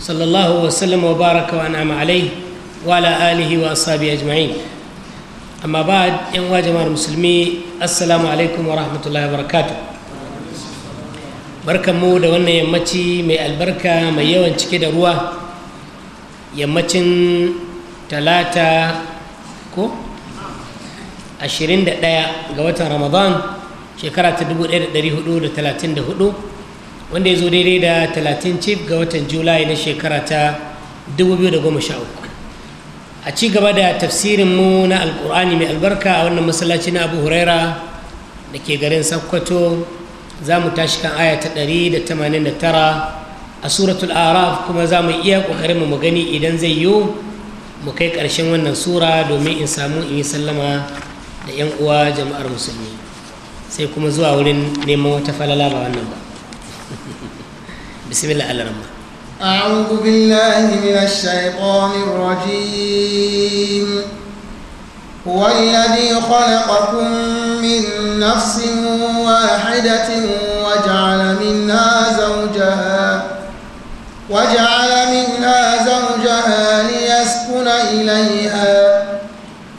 sallallahu wasallam wa baraka wa na ma'alai wa la'alihi wa asabi ajma'in amma ba yan wa jama'ar musulmi assalamu alaikum wa rahmatullahi wa barakatu barkan mu da wannan yammaci mai albarka mai yawan cike da ruwa yammacin talata ko 21 ga watan ramadan shekara ta 1434 wanda ya zo daidai da 30 cif ga watan julai na shekara ta 2013 a ci gaba da mu na alkur'ani mai albarka a wannan masallaci na abu huraira da ke garin sakkwato za mu tashi kan aya ta 189 a suratul araf kuma za mu iya ƙoƙarin mu gani idan zai yiwu mu kai ƙarshen wannan sura domin in samu in yi sallama da 'yan uwa jama'ar musulmi sai kuma zuwa wurin neman wata falala ba wannan ba بسم الله الله نما أعوذ بالله من الشيطان الرجيم هو الذي خلقكم من نفس واحدة وجعل منها زوجها وجعل منها زوجها ليسكن إليها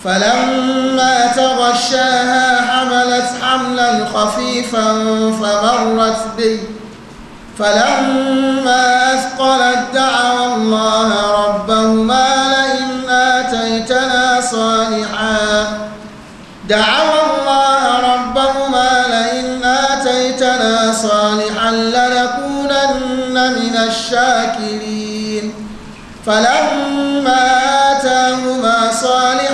فلما تغشاها حملت حملا خفيفا فمرت به فلما أثقلت دعوا الله ربهما لئن آتيتنا صالحا دعوا الله ربهما لئن آتيتنا صالحا لنكونن من الشاكرين فلما آتاهما صالحا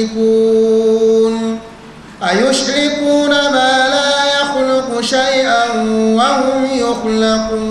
يشركون أيشركون ما لا يخلق شيئا وهم يخلقون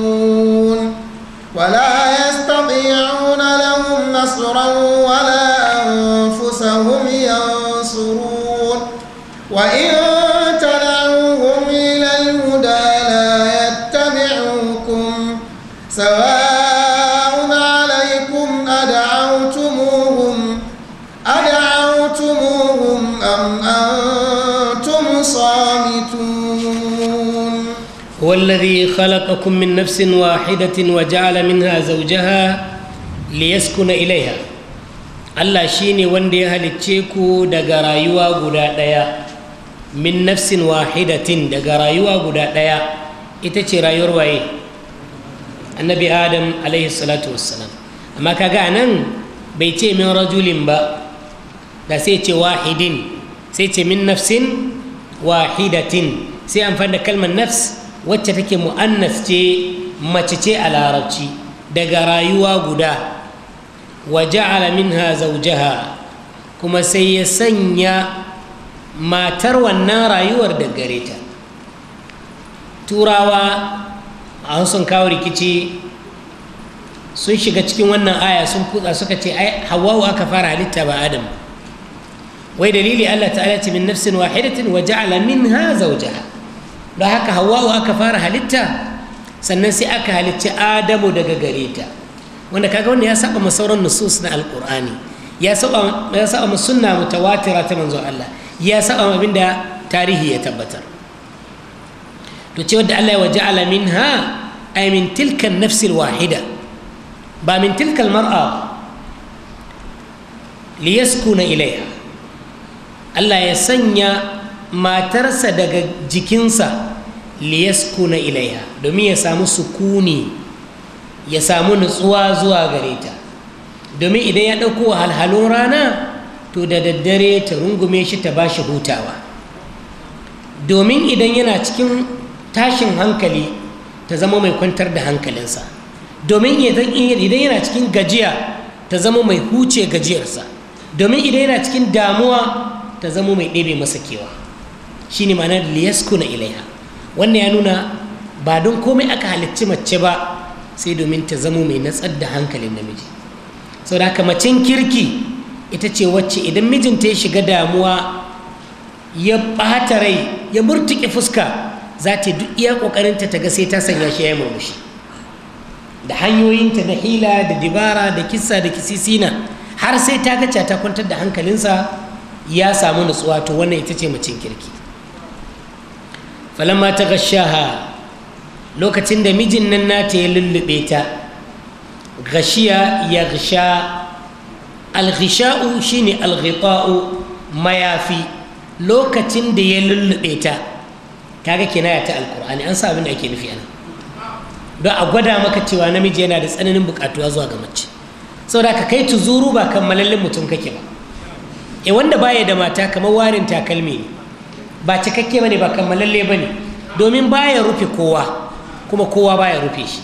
الذي خلقكم من نفس واحدة وجعل منها زوجها ليسكن إليها Allah shi ne wanda ya halicce ku daga rayuwa guda ɗaya min nafsin wahidatin daga rayuwa guda ɗaya ita ce rayuwar waye annabi adam alaihi amma kaga nan bai ce min rajulin ba da sai ce wahidin sai ce min nafsin wahidatin sai amfani da kalmar nafs wacce take mu'annas ce mace ce a larabci daga rayuwa guda wa ja'ala minha zawjaha kuma sai ya sanya matar wannan rayuwar da gare ta turawa a sun kawo rikici sun shiga cikin wannan aya sun kutsa suka ce ai hawawu aka fara halitta ba adam wai dalili allah ta'ala ce min nafsin wahidatin wa ja'ala minha zawjaha don haka hawa'u aka fara halitta sannan sai aka halicci adamu daga gare ta wanda kaga wanda ya saba ma sauran nusus na alkur'ani ya saba ya saba ma sunna mutawatira ta manzo Allah ya saba ma abinda tarihi ya tabbatar to ce wanda Allah ya waja'ala minha ay min tilka an-nafs al-wahida ba min tilka al-mar'a liyaskuna ilayha Allah ya sanya matarsa daga jikinsa na ilaiha domin ya samu sukuni ya samu nutsuwa zuwa gare ta domin idan ya ɗauko halhalun rana to da daddare ta rungume shi ta ba shi hutawa domin idan yana cikin tashin hankali ta zama mai kwantar da hankalinsa domin idan yana cikin gajiya ta zama mai huce gajiyarsa domin idan yana cikin damuwa ta zama mai ɗebe masa kewa Shi ne shine ma'anar liyaskuna ilaiha wannan ya nuna ba don komai aka halicci mace ba sai domin ta zamo mai natsar da hankalin namiji saboda haka macen kirki ita ce wacce idan mijinta ya shiga damuwa ya ɓata rai ya murtuƙe fuska za ta duk iya ƙoƙarinta ta ga sai ta sanya shi ya murmushi da hanyoyinta na hila da dibara da Kisa da kisisina har sai ta gaca ta kwantar da hankalinsa ya samu nutsuwa to wannan ita ce macen kirki falama ta gashaha lokacin da mijin nan nata ya lullube ta gashiya ya gasha alghisha'u shine alghita'u mayafi lokacin da ya lullube ta kaga kenaya ta alkur'ani an sa abin da ake nufi ana don a gwada maka cewa namiji yana da tsananin bukatuwa zuwa ga mace saboda ka kai tuzuru ba kan malallin mutum kake ba e wanda baya da mata kamar warin takalmi ne ba cikakke ne ba kammalalle ne domin ba ya rufe kowa kuma kowa ba ya rufe shi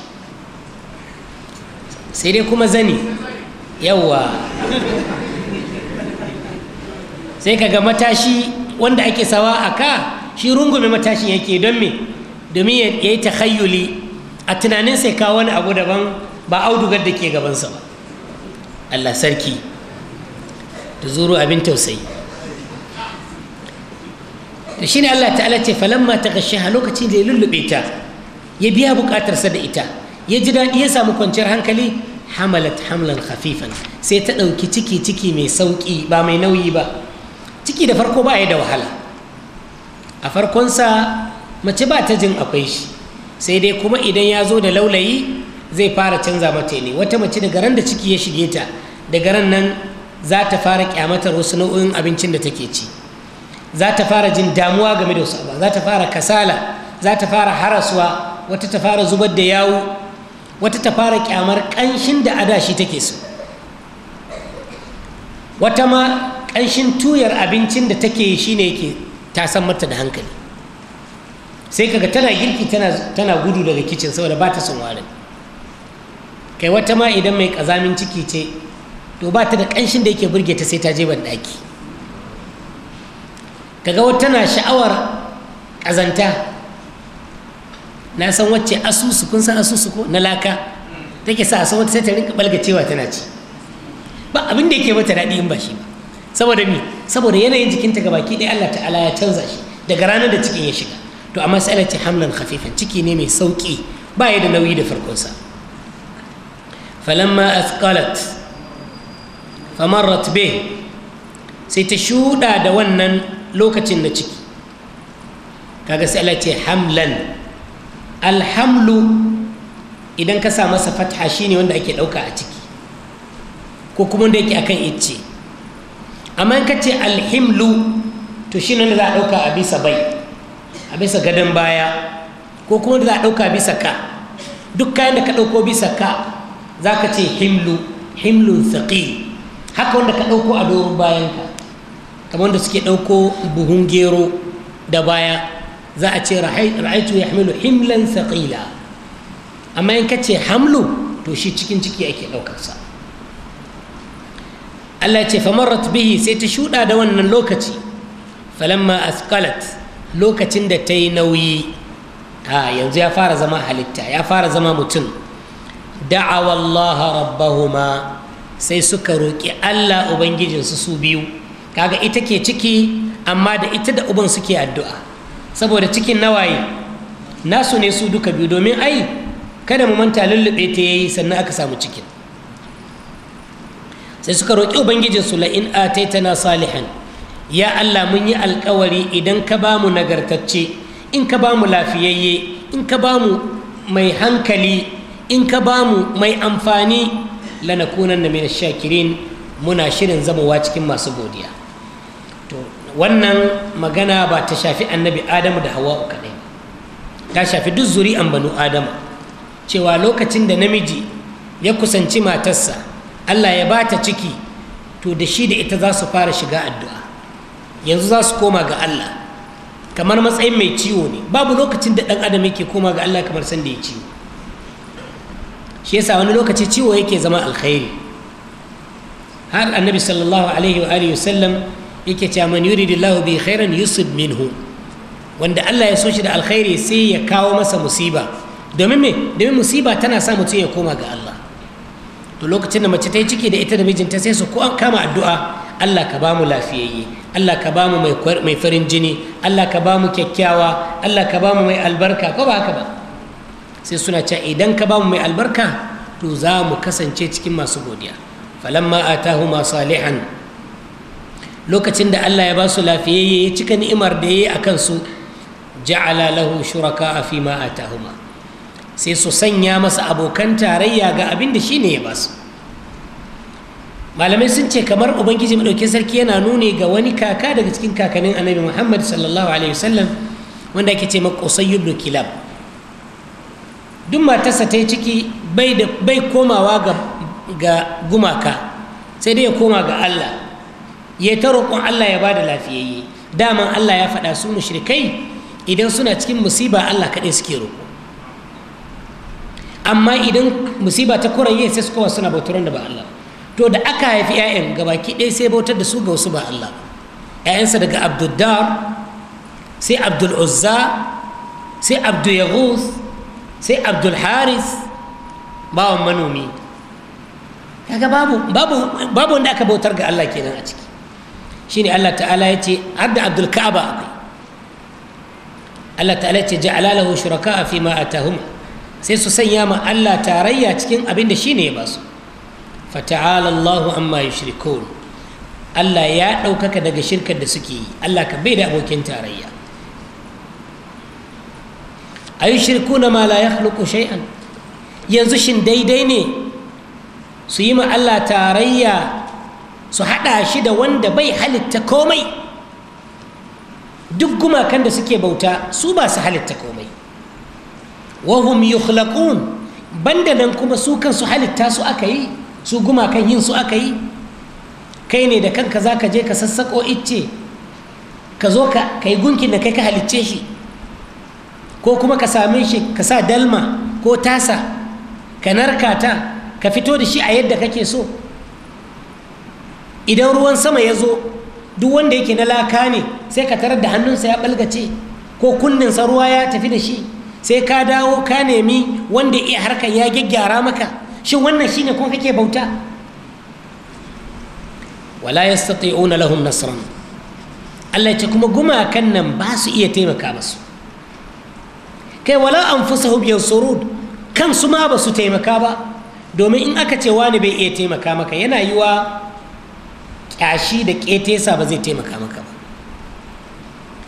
sai dai kuma zani yawwa sai kaga matashi wanda ake sawa a ka shi rungume matashin yake don me domin ya yi tahayyuli a tunanin sai kawo wani abu daban ba audugar da ke gabansa ba allah sarki da zuru abin tausayi shi ne Allah ta'ala ce falamma a lokacin da ya lullube ta ya biya bukatarsa da ita ya ji daɗi ya samu kwanciyar hankali hamalat hamlan khafifan sai ta ɗauki ciki ciki mai sauƙi ba mai nauyi ba ciki da farko ba ya da wahala a farkonsa mace ba ta jin akwai shi sai dai kuma idan ya zo da laulayi zai fara canza mata ne wata mace daga ran da ciki ya shige ta daga ran nan za ta fara kyamatar wasu nau'in abincin da take ci za ta fara jin damuwa game da wasu za ta fara kasala za ta fara haraswa wata ta fara zubar da yawo wata ta fara kyamar kanshin da adashi take so wata ma kanshin tuyar abincin da take shi ne yake tasan mata da hankali sai kaga tana girki tana gudu daga kicin saboda ba ta son warin kai wata ma idan mai kazamin ciki ce to ba ta da kanshin da yake burge ta sai ta je ban daki kaga wata tana sha'awar ƙazanta na san wacce asusu kun san asusu ko na laka take sa a wata sai ta rinka cewa tana ci ba abin da yake mata daɗi in ba shi ba saboda me saboda yanayin jikinta ga baki ɗaya Allah ta'ala ya canza shi daga ranar da cikin ya shiga to amma sai Allah ce hamlan khafifan ciki ne mai sauki ba ya da nauyi da farkonsa falamma athqalat famarrat bih sai ta shuɗa da wannan lokacin na ciki kaga sai Allah ce hamlan alhamlu idan ka samu masa fatha shine wanda ake ɗauka a ciki ko kuma wanda yake akan icce amma in ka ce alhimlu to shi ne za a ɗauka a bisa bai a bisa gadon baya ko kuma wanda za a ɗauka bisa ka duk kayan da ka ɗauko bisa ka za ka ce himlu himlun saƙi haka wanda ka ɗauko a doron bayanka kamar da suke ɗauko buhun gero da baya za a ce ra'aitu ya hamilu himlan saƙila amma in ka ce hamlu to shi cikin ciki ake ɗaukarsa Allah ce famarat bihi sai ta shuɗa da wannan lokaci falamma asqalat lokacin da ta yi nauyi a yanzu ya fara zama halitta ya fara zama mutum da'awa rabbahuma sai suka roƙi Allah ubangijinsu su biyu kaga ita ke ciki amma da ita da uban suke addu'a saboda cikin nawaye nasu ne su duka biyu domin ai kada mu manta lullube ta yayi sannan aka samu cikin sai suka roƙi ubangijin su la in ataitana salihan ya Allah mun yi alƙawari idan ka ba mu nagartacce in ka ba mu lafiyayye in ka ba mu mai hankali in ka ba mu mai amfani lanakunan na shakirin muna shirin zamowa cikin masu godiya wannan magana ba ta shafi annabi adamu da hawa'u kaɗai ta shafi duk zuri'an banu adamu cewa lokacin da namiji ya kusanci matarsa allah ya ba ta ciki to da shi da ita za su fara shiga addu'a yanzu za su koma ga allah kamar matsayin mai ciwo ne babu lokacin da ɗan adam yake koma ga allah kamar sanda ya ciwo shi yasa wani lokaci ciwo yake zama alkhairi har annabi sallallahu alaihi wa alihi yake cewa man yuridillahu bi khairan yusuf minhu wanda Allah ya so shi da alkhairi sai ya kawo masa musiba domin me domin musiba tana sa mutum ya koma ga Allah to lokacin da mace ta yi ciki da ita da mijinta sai su kama addu'a Allah ka bamu lafiyayye Allah ka bamu mai farin jini Allah ka bamu kyakkyawa Allah ka bamu mai albarka ko ba haka ba sai suna cewa idan ka bamu mai albarka to za mu kasance cikin masu godiya falamma atahu ma salihan lokacin da Allah ya ba su lafiyayye ya cika ni'imar da ya yi a kansu ja'ala lahu shuraka a fi ma sai su sanya masa abokan tarayya ga abin da ne ya ba su malamai sun ce kamar ubangiji madaukin sarki yana nuni ga wani kaka daga cikin kakannin annabi muhammad sallallahu alaihi wasallam wanda ake ce makosai ibn kilab duk matarsa ta yi ciki bai komawa ga gumaka sai dai ya koma ga allah ya ta roƙon Allah ya ba da lafiyayye daman Allah ya faɗa su mushrikai idan suna cikin musiba Allah kaɗai suke roƙo amma idan musiba ta kuranye sai su kowa suna bautar da ba Allah to da aka haifi 'ya'yan gabaki ɗaya sai bautar da su ga wasu ba Allah 'ya'yansa daga abduddar sai abdul uzza sai abdul yaghus sai abdul haris bawan manomi kaga babu babu babu wanda aka bautar ga Allah kenan a ciki shine Allah ta'ala ya ce hadda abdul ka'aba akwai Allah ta'ala ya ce ja'ala lahu shuraka fi ma atahum sai su sanya ma Allah tarayya cikin abin da shine ya ba su fata'ala Allahu amma yushrikun Allah ya ɗaukaka daga shirkar da suke yi Allah ka bai da abokin tarayya ayushrikuna ma la yakhluqu shay'an yanzu shin daidai ne su yi ma Allah tarayya su haɗa shi da wanda bai halitta komai duk gumakan da suke bauta su ba su halitta komai wahum yukhlaqun banda nan kuma su kansu halitta su aka yi su gumakan yin su aka yi kai ne da kanka za ka je ka sassako icce ka zo ka kai gunkin da kai ka halicce shi ko kuma ka same shi ka sa dalma ko tasa ka narkata ka fito da shi a yadda kake so idan ruwan sama ya zo duk wanda yake na laka ne sai ka tarar da hannunsa ya balgace ko kunninsa ruwa ya tafi da shi sai ka dawo ka nemi wanda iya harkar ya gyaggyara maka shin wannan shine kuma kake bauta wala ya una lahun nasran Allah ce kuma gumakan nan ba su iya taimaka masu kai wala an fi anfusahum kan kansu ma ba su taimaka ba domin in aka ce wani bai iya taimaka maka yana yiwa tashi da ƙetesa ba zai taimaka maka ba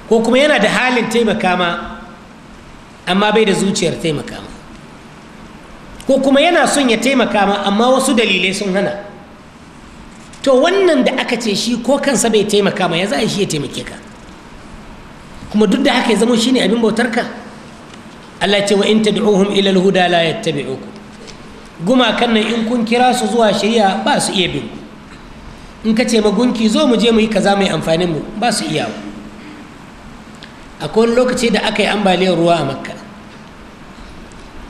ko kuma yana da halin taimaka ma amma bai da zuciyar taimaka ma ko kuma yana son ya taimaka ma amma wasu dalilai sun hana to wannan da aka ce shi ko kansa bai taimaka ma ya za a shi ya taimake ka kuma duk da haka ya zama shi ne abin bautar ka Allah ce wa in tad'uhum ila al-huda la yattabi'ukum gumakan nan in kun kira su zuwa shari'a ba su iya bin in ka ce magunki zo mu je mu yi kaza mai amfanin mu ba su iyawa akwai wani lokaci da aka yi ambaliyar ruwa a makka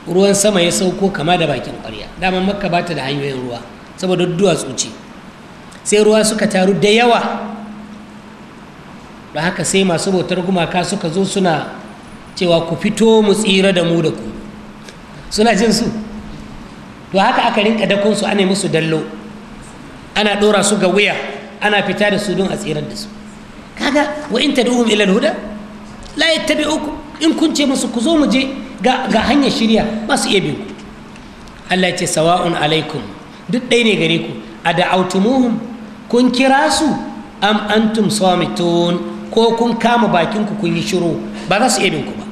ruwan sama ya sauko kama da bakin kwarya daman makka ba ta da hanyoyin ruwa saboda duwatsu ce sai ruwa suka taru da yawa da haka sai masu bautar gumaka suka zo suna cewa ku fito mu tsira da mu da ku suna jin su to haka aka rinka su ana musu dallo ana ɗora su ga wuya ana fita da su don a tsirar da su kaga wa in tad'uhum ila al-huda la yattabi'ukum in kun ce musu ku zo mu je ga ga hanyar shirya ba su iya bin ku Allah ya ce sawa'un alaikum duk dai ne gare ku a da'autumuhum kun kira su am antum samitun ko kun kama bakin ku kun yi shiru ba za su iya bin ku ba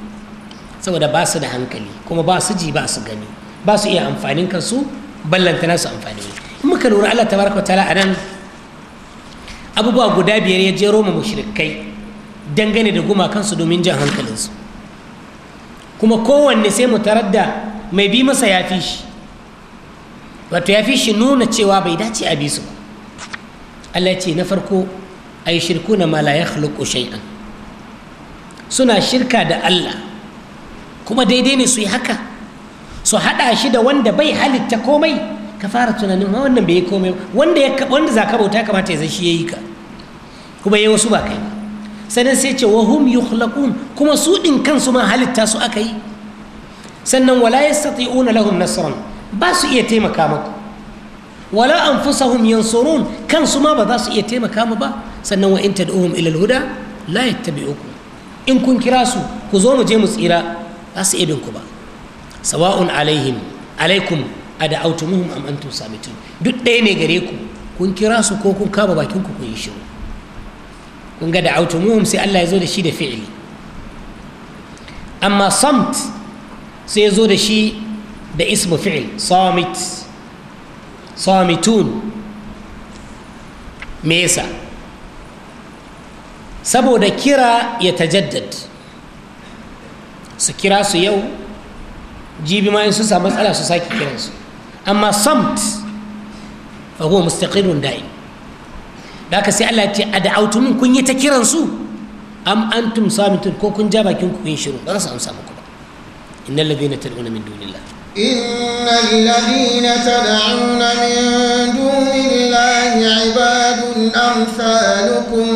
saboda ba su da hankali kuma ba su ji ba su gani ba su iya amfanin kansu ballantana su amfani muka lura Allah tabaraka ta'ala nan. abubuwa guda biyar ya jero mu mushrikai dangane da gumakansu domin jan hankalinsu kuma kowanne sai mu tarar da mai bi masa ya fi shi wato ya fi shi nuna cewa bai dace a bisu Allah ce na farko a yi shirku na mala ya shay'an suna shirka da Allah kuma daidai ne su yi haka su haɗa shi da wanda bai halitta komai ka fara tunanin ma wannan bai yi komai wanda ya wanda za ka bauta kamata ya shi ya yi ka kuma ya wasu ba kai ba sannan sai ce wahum yukhlaqun kuma su din kansu ma halitta su aka yi sannan wala yastati'una lahum nasran ba su iya taimaka maka wala anfusahum yansurun kansu ma ba za su iya taimaka ba sannan wa in tad'uhum ila alhuda la yattabi'ukum in kun kira su ku zo mu je mu tsira za su iya bin ku ba sawa'un alaihim alaikum ada'autumuhum am antum samitun duk ɗaya ne gare ku kun kira su ko kun kama bakin ku kun yi shiru kun ga da'autumuhum sai Allah ya zo da shi da fi'ili amma samt sai ya zo da shi da ismu fi'il samit samitun me yasa saboda kira ya tajaddad su kira su yau jibi ma in su samu matsala su sake kiransu أما الصمت فهو مستقر دائم لكن سي الله يتي أدعوتم كن يتكرن سو أم أنتم صامتون كو كن جابا كن كن ينشرون لا نسأل سامكم إن الذين تدعون من دون الله إن الذين تدعون من دون الله عباد أمثالكم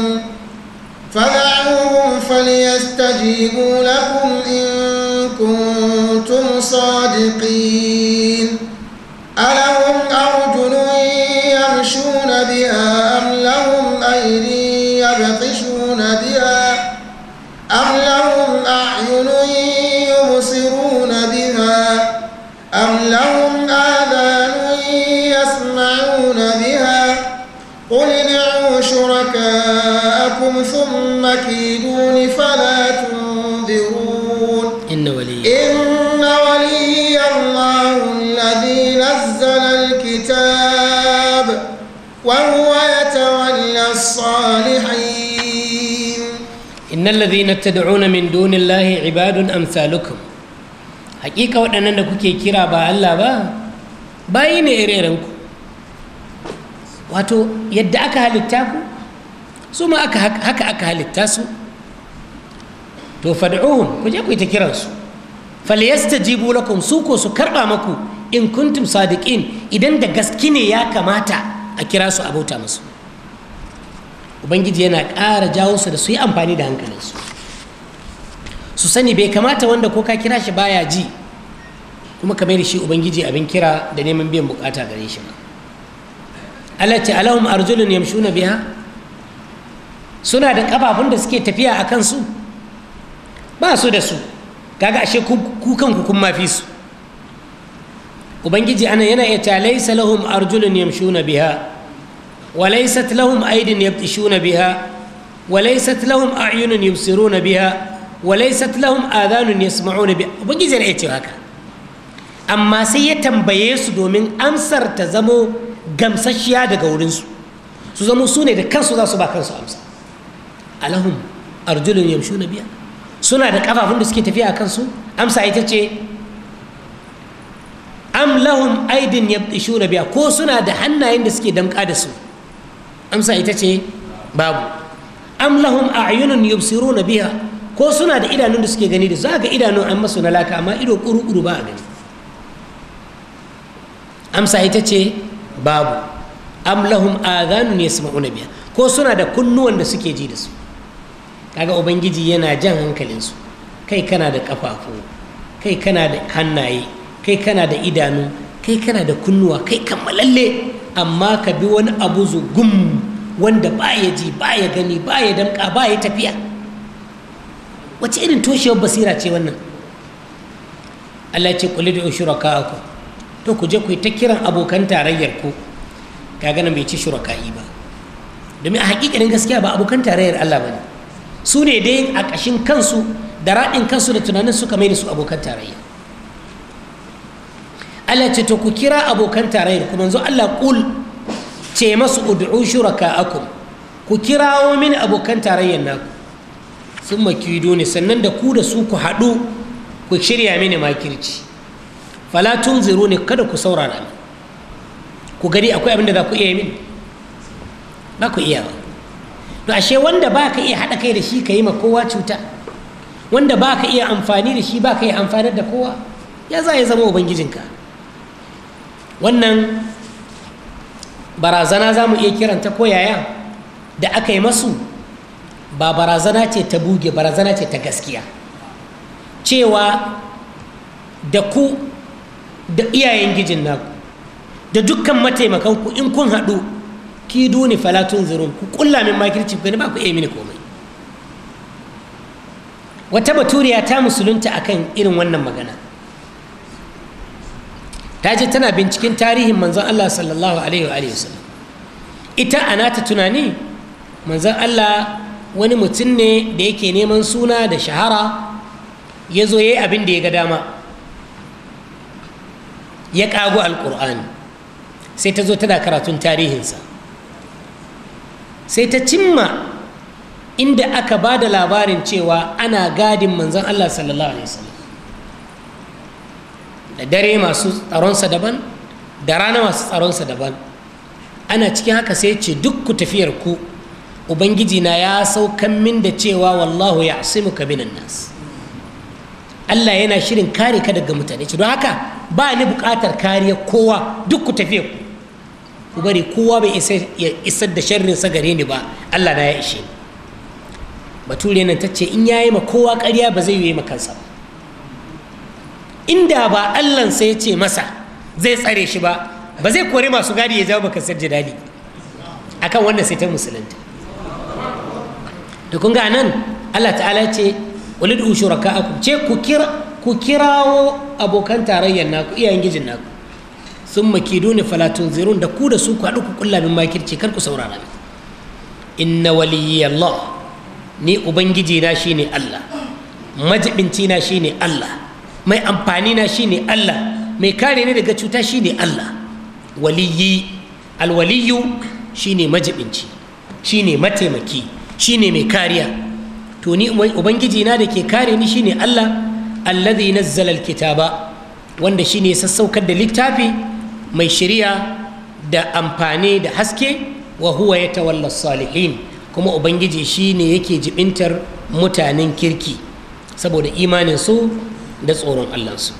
فدعوهم فليستجيبوا لكم إن كنتم صادقين بها أم لهم أيدي يبطشون بها أم لهم أعين يبصرون بها أم لهم آذان يسمعون بها قل ادعوا شركاءكم ثم وهو يتولى الصالحين إن الذين تدعون من دون الله عباد أمثالكم حقيقة وأنا نكوكي كيرا با الله با باين إريرنكم wato yadda aka halitta ku su haka aka halitta su to fad'uhum ku je kiransu. yi ta kiransu falyastajibu lakum su ko su karɓa maku in kuntum idan da gaske ne ya kamata a kira su a bauta musu ubangiji yana ƙara jawo su da su yi amfani da hankalinsu su sani bai kamata wanda ko ka kira shi baya ji kuma ka mai shi ubangiji abin kira da neman biyan bukata gare shi ba Allah ce alahum arjulun yamshuna biha suna da kafafun da suke tafiya a kansu ba su da su kaga ashe ku kanku mafi su ubangiji ana yana ya ta laisa lahum arjulun yamshuna biha wa laysat lahum aydin yabtishuna biha wa laysat lahum a'yunun yubsiruna biha wa laysat lahum adhanun yasma'una biha ubangiji yana iya cewa haka amma sai ya tambaye su domin amsar ta zamo gamsasshiya daga wurinsu su zamo su ne da kansu za su ba kansu amsa alahum arjulun yamshuna biha suna da kafafun da suke tafiya a kansu amsa ita ce am lahum aidin yabtishuna biya ko suna da hannayen da suke damƙa da su amsa ita ce babu am lahum a'yunun yubsiruna biya ko suna da idanun da suke gani da su idanun an masu na laka amma ido kuru-kuru ba a gani amsa ita ce babu am lahum adhanun yasma'una biya ko suna da kunnuwan da suke ji da su kaga ubangiji yana jan hankalinsu kai kana da kafafu kai kana da hannaye kai kana da idanu kai kana da kunnuwa kai kammalalle amma ka bi wani abu zugum wanda ba ya ji ba ya gani ba ya damka ba ya tafiya wace irin toshewar basira ce wannan Allah ce kulli da shuraka ku to ku je ku ta kiran abokan tarayyar ku kaga nan bai ci shuraka'i ba domin a hakikanin gaskiya ba abokan tarayyar Allah bane su ne dai a kashin kansu da raɗin kansu da tunanin suka mai da su abokan tarayya Allah ce to ku kira abokan tarayyar ku manzo Allah kul ce masu ud'u shuraka'akum ku kirawo mini abokan tarayyar naku sun makido ne sannan da ku da su ku haɗu ku shirya mini makirci fala tun tunziru ne kada ku saurara ni ku gani akwai abin da za ku iya min ba ku iya ba to ashe wanda ba ka iya haɗa kai da shi ka yi ma kowa cuta wanda ba ka iya amfani da shi ba ka iya amfanar da kowa ya za ya zama ubangijinka wannan barazana za mu iya kiranta ko yaya da aka yi masu ba barazana ce ta buge barazana ce ta gaskiya cewa da ku da iyayen gijin naku da dukkan mataimakanku in kun haɗu ki duni falatun zuru ku ƙulla min makirci ku ba ku iya mini komai wata baturiya ta musulunta akan irin wannan magana ta je tana binciken tarihin manzon Allah sallallahu alaihi wa wasallam ita ana ta tunani manzon Allah wani mutum ne da yake neman suna da shahara ya zo ya yi abin da ya ga dama ya kago alƙur'ani sai ta zo tana karatun tarihinsa sai ta cimma inda aka ba da labarin cewa ana gadin manzon Allah sallallahu alaihi wasallam da dare masu tsaronsa daban da rana masu tsaronsa daban ana cikin haka sai ce duk ku tafiyar ku ubangiji na ya saukan min da cewa wallahu ya asimu ka minan nas Allah yana shirin kare ka daga mutane ce don haka ba ni bukatar kariya kowa duk ku tafiyar ku ku bari kowa bai ya isar da sharrin sa gare ni ba Allah na ya ishe ni bature nan ta ce in yayi ma kowa ƙarya ba zai yi ma kansa ba inda ba allansa ya ce masa zai tsare shi ba ba zai kori masu gadi ya jawo baka sarji dadi kan wannan sai ta musulunta da kun ga nan allah ta'ala ce walid ushuraka aku ce ku kirawo abokan tarayyar naku iyayen gijin naku sun duni falatun zirun da ku da su ku haɗu ku kulla min makirci kar ku saurara inna inna waliyallah ni ubangiji na shine allah majibinci na shine allah mai amfani na shine Allah mai kare ni daga cuta shine Allah waliyi alwaliyu shine majibinci shine mataimaki shine mai kariya to ni ubangiji na da ke kare ni shine Allah alladhi nazzala alkitaba wanda shine sassaukar da littafi mai shiriya da amfani da haske wa huwa yatawalla salihin kuma ubangiji shine yake jibintar mutanen kirki saboda imanin su da tsoron allansu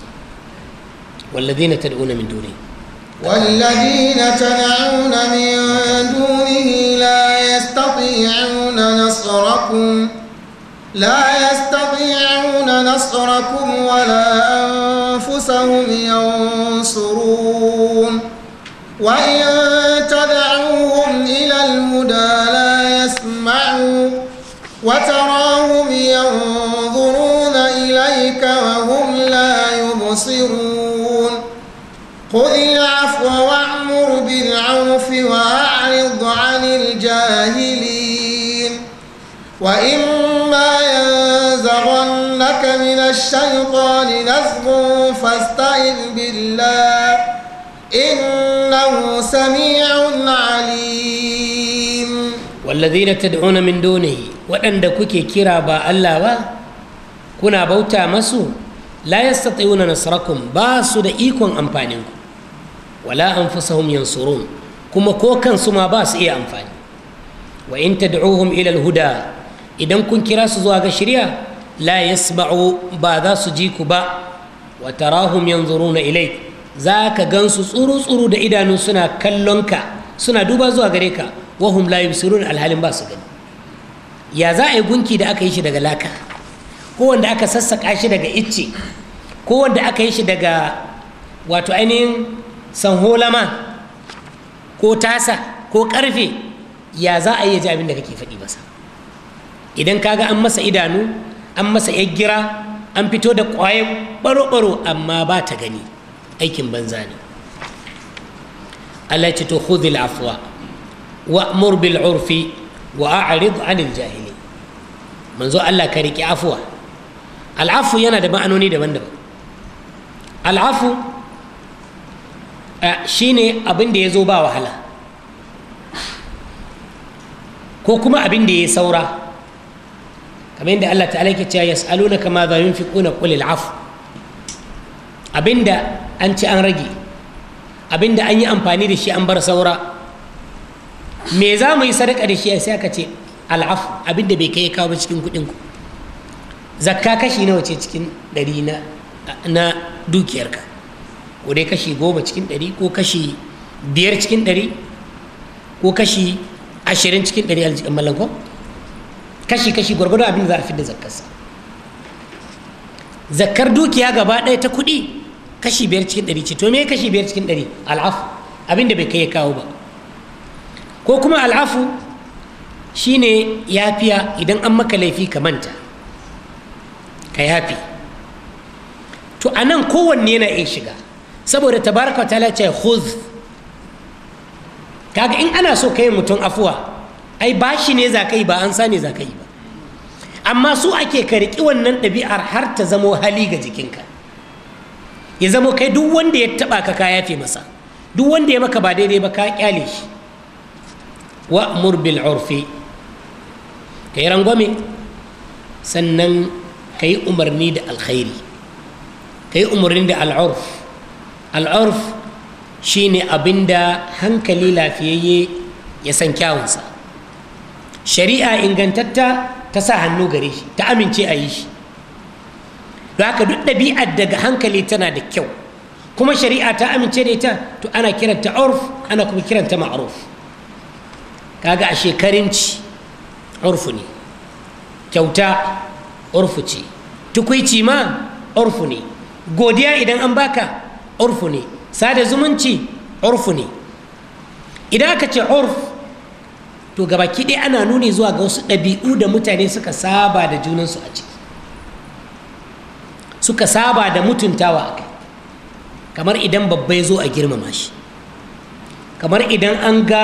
wallazi na tad'una min duni wallazi na tad'una min duni la yastati'una nasrakum la yastati'una nasrakum wa la anfusahum yansurun wa in tad'uhum ila al-huda la yasma'u wa tarahum yanzuruna ilayka wa خذ العفو وأمر بالعنف وأعرض عن الجاهلين وإما ينزغنك من الشيطان نزغ فاستعذ بالله إنه سميع عليم والذين تدعون من دونه وأن دكوكي كيرا با الله كنا بوتا مسو لا يستطيعون نصركم باسو دا إيكون أمبانيكم wala anfusahum yansurun kuma ko kansu ma ba su iya amfani wa in tad'uhum ilal huda idan kun kira su zuwa ga shirya. la yasma'u ba za su ji ku ba wa tarahum na ilai. za ka gansu tsuru tsuru da idanu suna kallonka suna duba zuwa gare ka wahum la yubsirun alhalin ba su gani ya za a yi gunki da aka yi shi daga laka ko wanda aka sassaka shi daga icce ko wanda aka yi shi daga wato ainihin sanholama ko tasa ko karfe ya za a yi ji abin da kake faɗi masa idan kaga an masa idanu an masa yaggira an fito da ƙwaye baro-baro amma ba ta gani aikin banza ne Allah ce to khudhil afwa amur bil urfi wa a'rid 'anil jahili manzo Allah ka riki afwa al'afu yana da ma'anoni daban-daban al'afu shine abin da ya zo ba wahala ko kuma abin da ya saura kamar yadda Allah ta'ala ke cewa yas'aluna kama za yunfiquna afu abinda an ci an rage abinda an yi amfani da shi an bar saura me za mu yi sadaka da shi sai aka ce al'afu abinda bai kai kawo cikin kuɗin ku zakka kashi nawa ce cikin ɗari na dukiyarka ko dai kashi goma cikin ɗari ko kashi biyar cikin ɗari ko kashi ashirin cikin ɗari aljikin mallanko kashi kashi gwargwado abin za a fi da zakarsa zakkar dukiya gaba ɗaya ta kuɗi kashi biyar cikin ɗari ce to me kashi biyar cikin ɗari al'afu abin da bai kai ya kawo ba ko kuma al'afu shine yafiya idan an maka laifi ka manta ka yafi to a nan kowanne yana iya shiga saboda tabaraka ta ce huz kaga in ana so kai mutum afuwa ai bashi ne za yi ba an sani za yi ba amma su ake ka riƙi wannan ɗabi'ar har ta zamo hali ga jikinka ya zamo kai duk wanda ya taɓa ka ka yafe masa duk wanda ya maka ba daidai ba ka kyale shi wa murbil urfi ka yi rangwame sannan ka yi umarni da alkhairi ka yi umarni da al'urf al'urf abin da hankali lafiyayye ya san kyawunsa shari'a ingantatta ta sa hannu gare shi ta amince a yi shi don haka duk ɗabi'ar daga hankali tana da kyau kuma shari'a ta amince da ita to ana kiranta urf ana kuma kiranta ma'ruf kaga a shekarunci urfu ne kyauta urfu ce tukwici ma urfu ne godiya idan an baka urfu ne sada zumunci urfu ne idan aka ce urf to gaba dai ana nuni zuwa ga wasu ɗabi'u da mutane suka saba da junansu a ciki suka saba da mutuntawa a kai kamar idan babba ya zo a girmama shi kamar idan an ga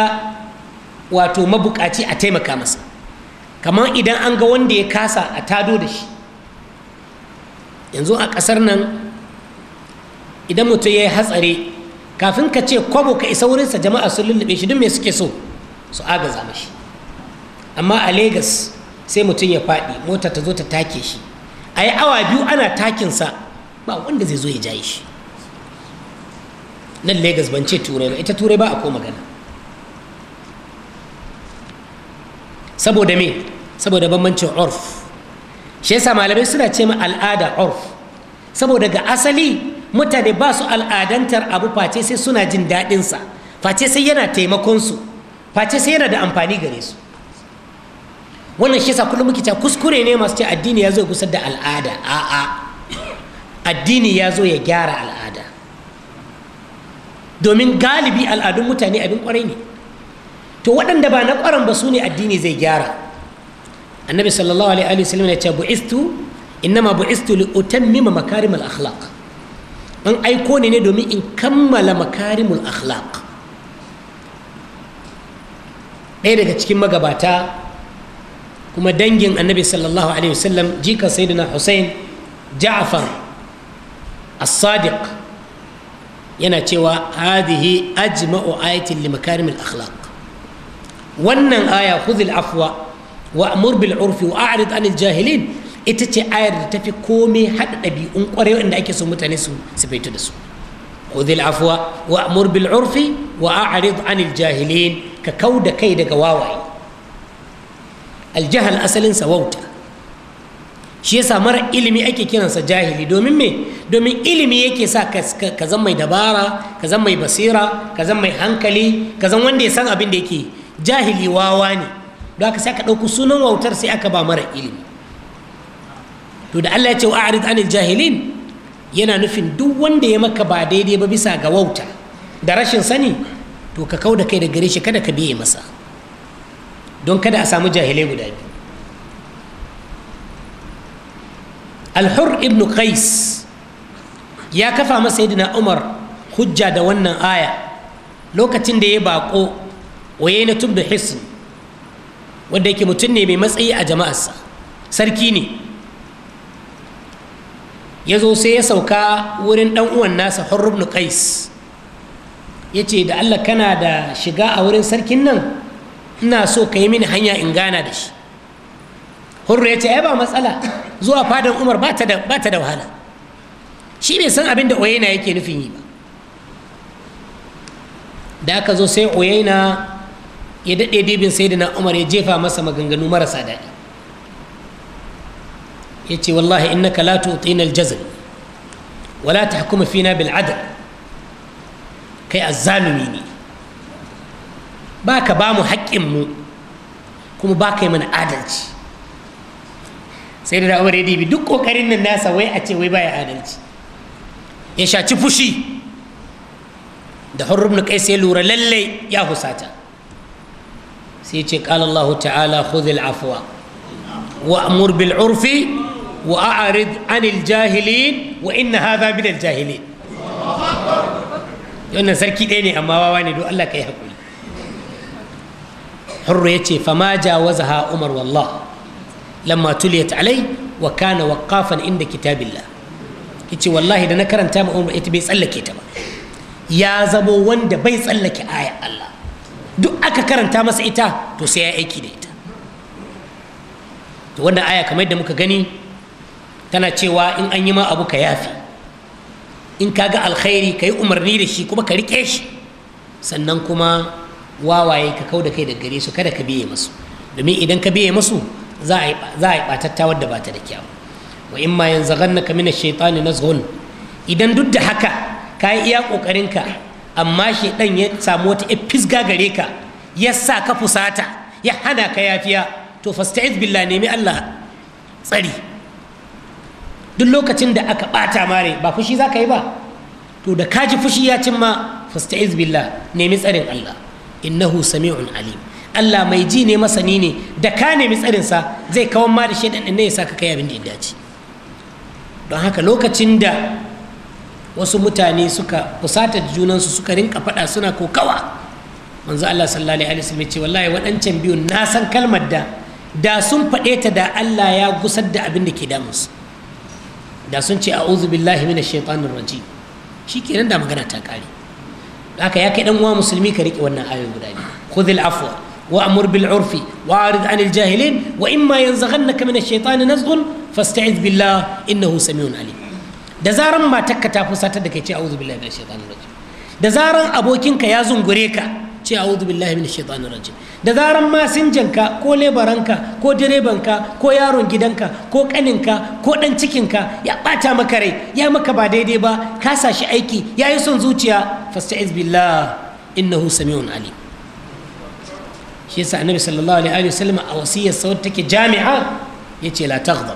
wato mabukaci a taimaka masa kamar idan an ga wanda ya kasa a tado da shi yanzu a ƙasar nan idan mutum ya yi hatsari kafin ka ce kwabo ka isa wurinsa jama'a sun lullube shi duk me suke so su agaza mashi amma a Legas sai mutum ya faɗi mota ta zo ta take shi a yi awa biyu ana takinsa ba wanda zai zo ya jaye shi nan Legas ban ce turai ba ita turai ba a ko magana saboda me saboda bambancin orf shi yasa malamai suna ce ma al'ada orf saboda ga asali mutane ba su al'adantar abu face sai suna jin daɗinsa face sai yana taimakonsu face sai yana da amfani gare su wannan shi sa kullum muke kuskure ne masu ce addini ya zo ya gusar da al'ada a'a addini ya zo ya gyara al'ada domin galibi al'adun mutane abin kwarai ne to waɗanda ba na kwaran ba su ne addini zai gyara annabi sallallahu alaihi wasallam ya ce bu'istu innama bu'istu li utammima makarimal akhlaq an aiko ne ne domin in kammala makarimul akhlaq ɗaya daga cikin magabata kuma dangin annabi sallallahu alaihi wasallam jika sayyidina hussein ja'far as-sadiq yana cewa hadihi ajma'u ayatin li makarimil akhlaq wannan aya khudhil afwa wa'mur bil urfi wa a'rid anil jahilin ita ce ayar da tafi komai haɗa ɗabi'un ƙwarai wanda ake so mutane su su faitu da su a العفو وأمر بالعرف وأعرض da kai kai daga قواوي asalin sa wauta shi yasa mara ilimi ake kiransa jahili domin me domin ilimi yake sa ka zan mai dabara ka zan mai basira ka zan mai hankali ka zan wanda ya san abin da yake jahili wawa ne don haka sai aka ɗauki sunan wautar sai aka ba mara ilimi to da Allah ya ce wa a'rid anil jahilin yana nufin duk wanda ya maka ba daidai ba bisa ga wauta da rashin sani to ka kau da kai da gare shi kada ka biye masa don kada a samu jahilai guda biyu alhur ibn qais ya kafa masa yadda umar hujja da wannan aya lokacin da ya bako waye na tubda hisn wanda yake mutum ne mai matsayi a jama'arsa sarki ne ya zo sai ya sauka wurin ɗan uwan nasa hurrub qais ya ce da allah kana da shiga a wurin sarkin nan ina so ka yi mini hanya in gana da shi hurru ya ce ai ba matsala zuwa fadan umar ba ta da wahala shi bai san abin da oyena yake nufin yi ba da aka zo sai oyena ya daɗe dibin sai da na umar ya jefa masa maganganu marasa daɗi yace wallahi innaka la tu'tina al-jazl wa la tahkumu fina bil adl kai azzalumi ne baka ba mu haƙƙin mu kuma baka yi mana adalci sai da umar ya dibi duk kokarin nan nasa wai a ce wai baya adalci ya shaci fushi da na kai sai lura lalle ya husata sai ce qala Allah ta'ala khudh afuwa wa wa'mur bil urfi وأعرض عن الجاهلين وإن هذا من الجاهلين يقولنا سركي ديني أما واواني دو الله كي حقوي حر يتي فما جاوزها عمر والله لما تليت عليه وكان وقافا عند كتاب الله يتي والله دا نكرن تام عمر يتي بيس الله كتاب يا زبو وند بيس الله آية الله دو أكا كرن تامس إتا تو سيا إيكي ديتا wannan aya kamar yadda muka gani tana cewa in an yi ma abu ka yafi in ka ga alkhairi ka yi umarni da shi kuma ka riƙe shi sannan kuma wawaye ka kau da kai da gare su kada ka biye masu domin idan ka biye masu za a yi ɓatatta da ba ta da kyawu wa in ma yanzu ganna ka mina shaitani na zuhun idan duk da haka ka yi iya ƙoƙarinka amma ɗan ya samu wata fisga gare ka ya sa ka fusata ya hana ka yafiya to fasta'iz billah nemi allah tsari duk lokacin da aka bata mare ba fushi za ka yi ba to da ka ji fushi ya cimma fasta izbillah, nemi tsarin Allah innahu sami'un alim Allah mai ji ne masani ne da ka nemi tsarin sa zai kawo ma da shaidan ne ya saka kai abin da ya dace don haka lokacin da wasu mutane suka fusata junansu suka rinka faɗa suna kokawa manzo Allah sallallahu alaihi wasallam ya ce wallahi waɗancan biyun na san kalmar da da sun faɗe ta da Allah ya gusar da abin da ke damunsu da sun ce a'udhu billahi minash shaitanir rajim shikenan da magana ta kare haka ya kai dan uwa musulmi ka rike wannan ayoyi guda biyu khudhil afwa wa amur bil urfi wa arid anil jahilin wa imma yanzaghannaka minash shaitani nazghun فاستعذ billahi innahu samiyun alim da zaran matakka ta fusata da kai ce a'udhu billahi minash shaitanir rajim da zaran abokinka ya zungure ka ce a'udhu billahi shaitanir rajim da zaran masinjanka ko lebaranka ko direbanka ko yaron gidanka ko kaninka ko dan cikinka ya bata maka rai ya maka ba daidai ba ka sashi aiki ya yi son zuciya fasta'iz billah innahu samiun shi yasa annabi sallallahu alaihi wa sallam a wasiyar sa take jami'a yace la taghdab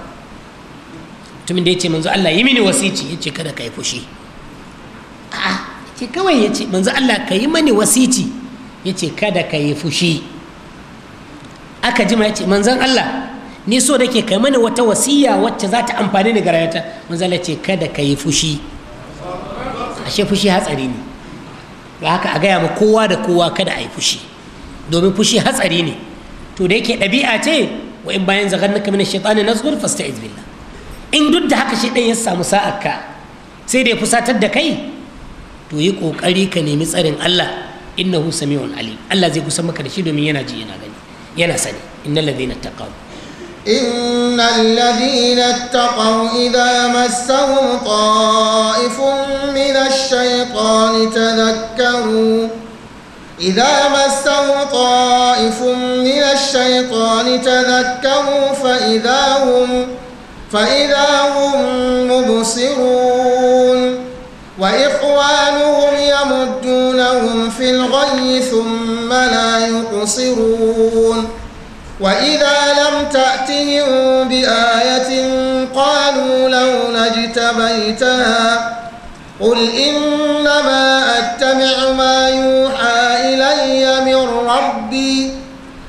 mutumin da yace manzo Allah yi mini wasici yace kada kai fushi a'a kawai yace manzo Allah mani wasici ya ce kada ka yi fushi aka jima ya ce manzan Allah ni so da ke kai mani wata wasiya wacce za ta amfani ni garayata manzan Allah ce kada ka yi fushi ashe fushi hatsari ne ba haka a gaya ma kowa da kowa kada a yi fushi domin fushi hatsari ne to da yake ɗabi'a ce wa in bayan zagar na mina shaitani nazgur fasta billah in duk da haka ɗan ya samu sa'ar ka sai da ya fusatar da kai to yi ƙoƙari ka nemi tsarin Allah إنه سميع عليم الله زي قسم كرشيد من يناجي يناغني ينا سني إن الذين اتقوا إن الذين اتقوا إذا مسهم طائف من الشيطان تذكروا إذا مسه طائف من الشيطان تذكروا فإذا هم فإذا هم مبصرون وإن ألسنتهم في الغي ثم لا يقصرون وإذا لم تأتهم بآية قالوا لولا اجتبيتها قل إنما أتبع ما يوحى إلي من ربي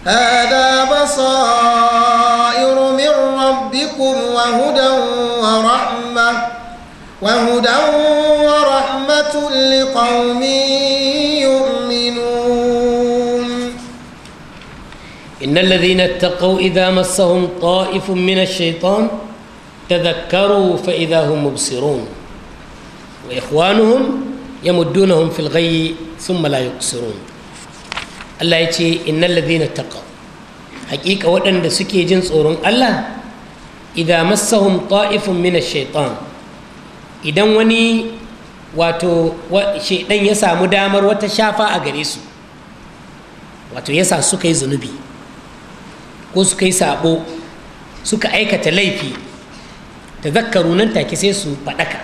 هذا بصائر من ربكم وهدى ورحمة وهدى ورحمة لقومي إن الذين اتقوا إذا مسهم طائف من الشيطان تذكروا فإذا هم مبصرون وإخوانهم يمدونهم في الغي ثم لا يقصرون الله يتي إن الذين اتقوا حقيقة وأن سكي جنس أورون الله إذا مسهم طائف من الشيطان إذا وني واتو shaidan ya samu damar wata shafa a gare su wato ko suka yi sabo suka aikata laifi ta zakaru nan take sai su faɗaka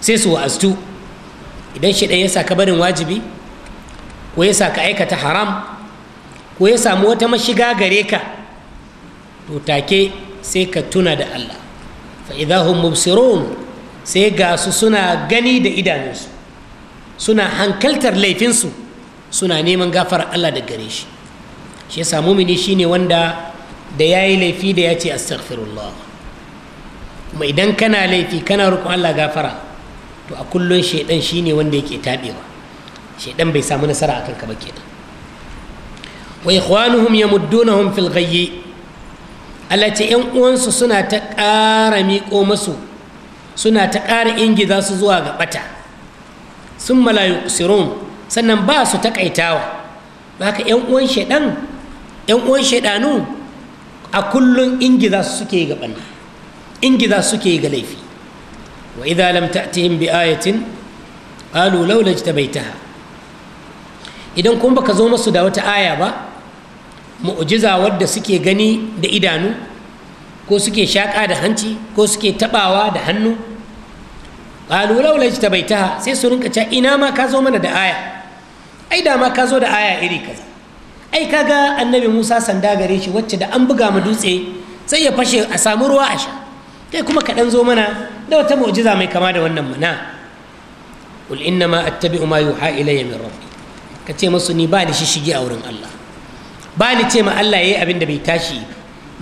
sai su wa'aztu idan shi ɗaya ya sa ka barin wajibi ko ya sa ka aikata haram ko ya samu wata mashiga gare ka to take sai ka tuna da Allah fa idahum mubsirun sai ga su suna gani da idanunsu suna hankaltar laifinsu suna neman gafar Allah da gare shi shi yasa mumini shine wanda da ya yi laifi da ya ce astaghfirullah kuma idan kana laifi kana roƙon Allah gafara to a kullum shaidan shine wanda yake taɓewa shaidan bai samu nasara akan ka ba kenan wa ikhwanuhum yamuddunahum fil ghayyi Allah ce yan uwansu suna ta ƙara miƙo masu suna ta ƙara ingiza su zuwa ga bata sun malayu sannan ba su taƙaitawa ba ka yan uwan shaidan yan uwan shaidanu a kullum ingiza suke ga ɓanna ingiza suke ga laifi wa idza lam ta'tihim bi ayatin qalu laula jtabaitaha idan kuma baka zo musu da wata aya ba mu'jiza wadda suke gani da idanu ko suke shaka da hanci ko suke tabawa da hannu qalu laula jtabaitaha sai su rinka cewa ina ma ka zo mana da aya ai da ma ka zo da aya iri kaza ai kaga annabi musa sanda gare shi wacce da an buga mu dutse sai ya fashe a samu ruwa a sha kai kuma kaɗan zo mana da wata mu'jiza mai kama da wannan mana qul inna ma attabi'u ma yuha ilayya min rabbi ka ce musu ni ba ni shige a wurin Allah ba ni ce ma Allah yayi abin da bai tashi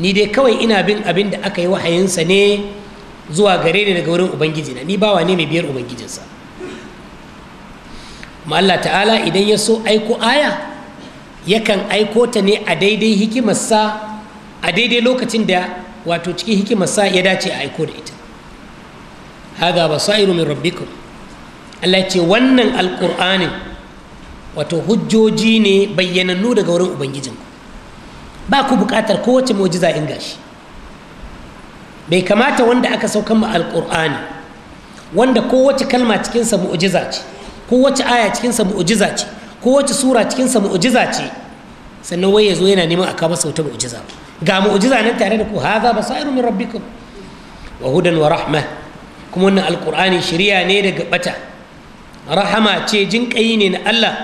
ni dai kawai ina bin abin da aka yi wahayinsa ne zuwa gare ni daga wurin ubangiji na ni bawa ne mai biyar ubangijinsa kuma Allah ta'ala idan ya so aiko aya yakan aiko ta ne a daidai hikimarsa a daidai lokacin da wato cikin hikimarsa ya dace a aiko da ita haga basairu min rabbikum Allah ce wannan alƙur'anin wato hujjoji ne bayyanannu daga wurin ubangijinku ba ku buƙatar kowace mujiza in gashi bai kamata wanda aka saukan ma alƙur'ani wanda kowace kalma cikinsa mu'ujiza ce kowace aya cikinsa mu'ujiza ce kowace sura cikinsa mu'ujiza ce sannan wai ya zo yana neman a kama sauta ga mu'ujiza nan tare da ku haza basairu min rabbikum wa hudan wa rahma kuma wannan Alƙur'ani shari'a ne daga bata rahama ce jin kai ne na Allah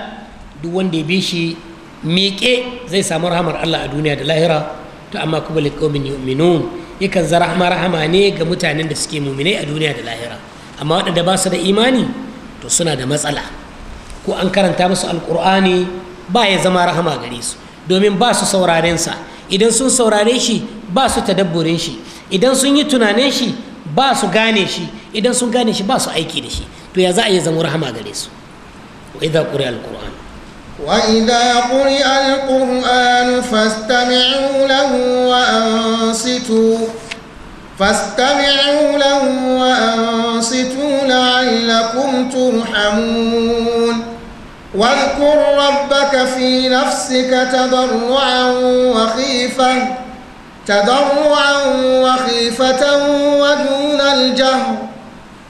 duk wanda ya bi shi miƙe zai samu rahamar Allah a duniya da lahira to amma kuma liqaumin yu'minun yakan zara rahama rahama ne ga mutanen da suke muminai a duniya da lahira amma waɗanda ba su da imani to suna da matsala ko an karanta musu alkur'ani ba ya zama rahama gare su domin ba su sauraren sa idan sun saurare shi ba su tadabburin shi idan sun yi tunanin shi ba su gane shi idan sun gane shi ba su aiki da shi to ya za a yi zama rahama gare su wa idza quri'a alquran wa idza quri'a alquran fastami'u lahu wa ansitu فاستمعوا له وأنصتوا لعلكم ترحمون واذكر ربك في نفسك تضرعا وخيفة تضرعا وخيفة ودون الجهر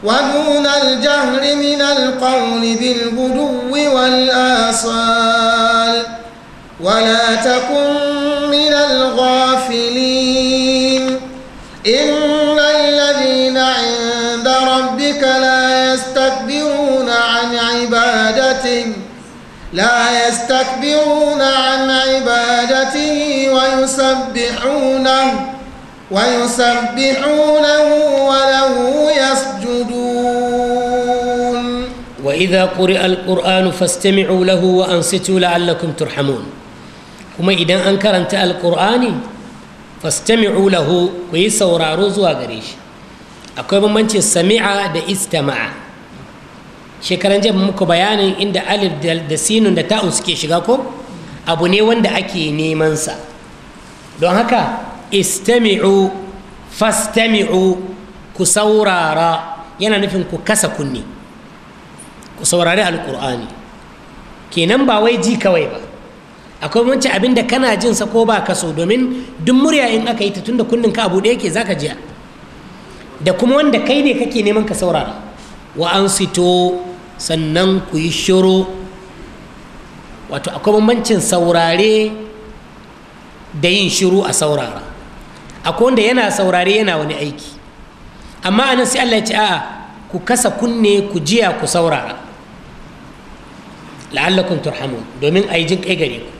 ودون الجهر من القول بالغدو والآصال ولا تكن من الغافلين إن لا يستكبرون عن عبادته ويسبحونه ويسبحونه وله يسجدون وإذا قرئ القرآن فاستمعوا له وأنصتوا لعلكم ترحمون كما إذا أنكرنت القرآن فاستمعوا له ويسوراروا زواغريش أقول من سمع دا استمع shekaran jiya muku bayanin inda alif da sinun da ta'un suke shiga ko abu ne wanda ake neman sa don haka istami'u fastami'u ku saurara yana nufin ku kasa kunni ku saurari alkur'ani kenan ba wai ji kawai ba akwai wancan abin da kana jin sa ko ba ka domin duk murya in aka yi ta tunda kunnin ka abu da yake zaka jiya da kuma wanda kai ne kake neman ka saurara wa an sito sannan ku yi shiru wato akwai bambancin saurare da yin shiru a saurara akwai wanda yana saurare yana wani aiki amma anan sai Allah ya ce a'a ku kasa kunne ku jiya ku saurara la'allakum turhamun domin a yi jin kai gare ku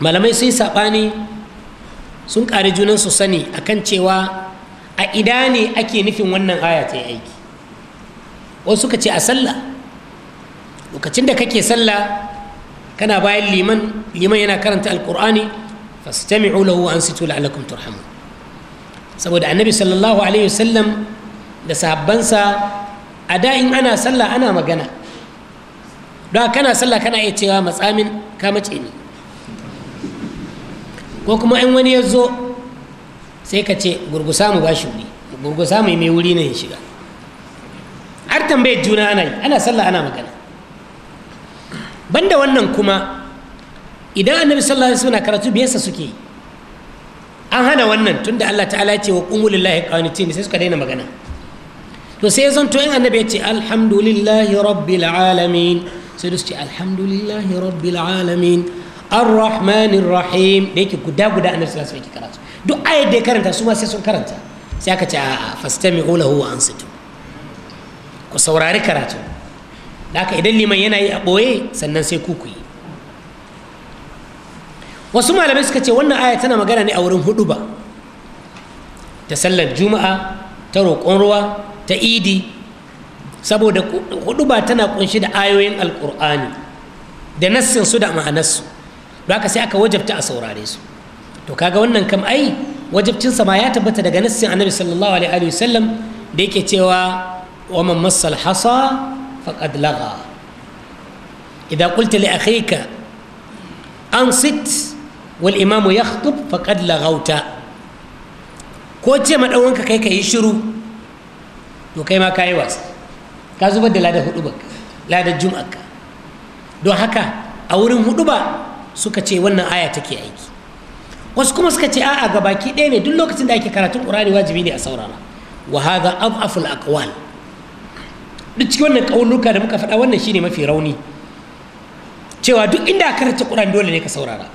malamai sun saɓani sun ƙari junan su sani akan cewa a ida ne ake nufin wannan aya ta aiki wasu suka ce a sallah lokacin da kake sallah kana bayan liman liman yana karanta alqur'ani fastami'u lahu wa ansitu la'allakum turhamun saboda annabi sallallahu alaihi wasallam da sahabbansa a da in ana sallah ana magana don kana sallah kana iya cewa matsamin ka mace ni ko kuma in wani ya zo sai ka ce gurgusa mu ba shi wuri gurgusa mai mai wuri ne ya shiga har tambayar juna ana yi ana sallah ana magana banda wannan kuma idan annabi sallallahu alaihi wasallam karatu biyansa suke an hana wannan tunda Allah ta'ala ya ce wa qumu lillahi qanitin sai suka daina magana to sai ya zanto in annabi ya ce alhamdulillahi rabbil alamin sai su alhamdulillahi rabbil alamin arrahmanir rahim da yake guda guda annabi sallallahu alaihi wasallam karatu duk ayat da ya karanta su ma sai sun karanta sai aka ce a fastami'u lahu wa ansitu ku saurari karatu da haka idan liman yana yi a ɓoye sannan sai ku yi wasu malamai suka ce wannan aya tana magana ne a wurin hudu ba ta sallar juma'a ta roƙon ruwa ta idi saboda hudu ba tana kunshi da ayoyin alƙur'ani da nassin su da ma'anarsu don haka sai aka wajabta a saurare su to kaga wannan kam ai wajabcinsa ma ya tabbata daga nassin annabi sallallahu alaihi wa sallam da yake cewa ومن مس الحصى فقد لغى إذا قلت لأخيك أنصت والإمام يخطب فقد لغوت كوتي ما أونك كيك يشرو وكيما كاي واسع كازو بدل هذا هدوبك لا هذا جمعك don haka a wurin hudu ba suka ce wannan aya take aiki wasu kuma suka ce a'a ga baki ɗaya ne duk lokacin da ake karatun ƙurani wajibi ne a saurara wa hadha adhaful aqwal duk cikin wannan ƙaunuka da muka faɗa wannan shine mafi rauni cewa duk inda ka karanta ƙuran dole ne ka saurara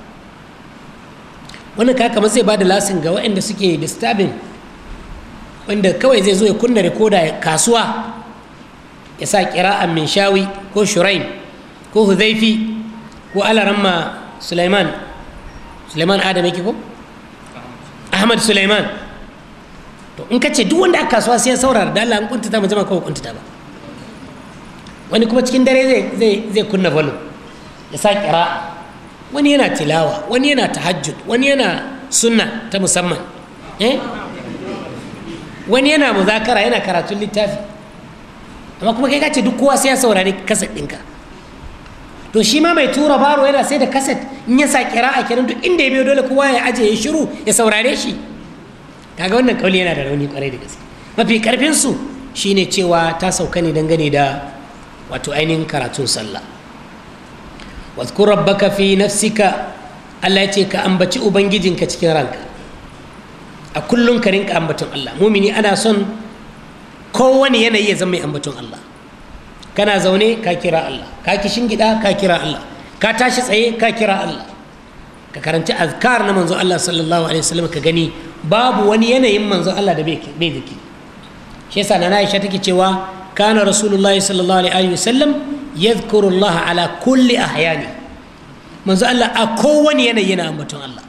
wannan kama zai ba da lasin ga waɗanda suke disturbing wanda kawai zai zo ya kunna rikoda ya kasuwa ya sa kira a minshawi ko shurain ko huzaifi ko alaramma suleiman suleiman adam yake ko ahmad suleiman to in ka ce duk wanda aka kasuwa sai ya saurara da allah an kuntata mu jama kawai kuntata ba wani kuma cikin dare zai kunna falo ya sa kira wani yana tilawa wani yana tahajjud wani yana sunna ta musamman eh? wani yana muzakara yana karatun littafi amma kuma kai kace duk kowa sai ya saurari kaset ɗinka to shi ma mai tura baro yana sai da kaset in ya sa kira a kiran duk inda ya biyo dole kowa ya aje ya shiru ya saurare shi kaga wannan kauli yana da rauni kwarai da gaske mafi karfin su shine cewa ta sauka ne dangane da wato ainihin karatun sallah wadhkur rabbaka fi nafsika Allah ya ce ka ambaci ubangijinka cikin ranka a kullum ka rinka ambaton Allah mumini ana son kowane yanayi ya zama mai ambaton Allah kana zaune ka kira Allah ka kishin gida ka kira Allah ka tashi tsaye ka kira Allah ka karanci azkar na manzo Allah sallallahu alaihi wasallam ka gani babu wani yanayin manzo Allah da bai zikiri shi yasa na Aisha take cewa kana rasulullahi sallallahu alaihi wasallam yadhkuru Allah ala kulli ahyani manzo Allah a kowane yanayi yana ambaton Allah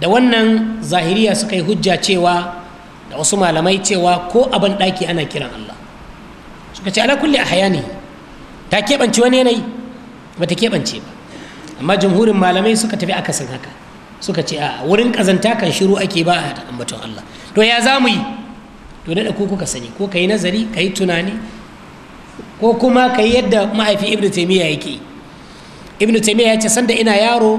da wannan zahiriya suka yi hujja cewa da wasu malamai cewa ko aban daki ana kiran Allah suka ce ala kulli ne. ta keɓance wani yanayi ba ta keɓance ba amma jamhurin malamai suka tafi akasin haka suka ce a wurin kazanta kan shiru ake ba a ambaton Allah to ya za mu yi to da ku kuka sani ko kai nazari kai tunani ko kuma kai yadda mahaifi ibnu taymiya yake ibnu taymiya ya ce sanda ina yaro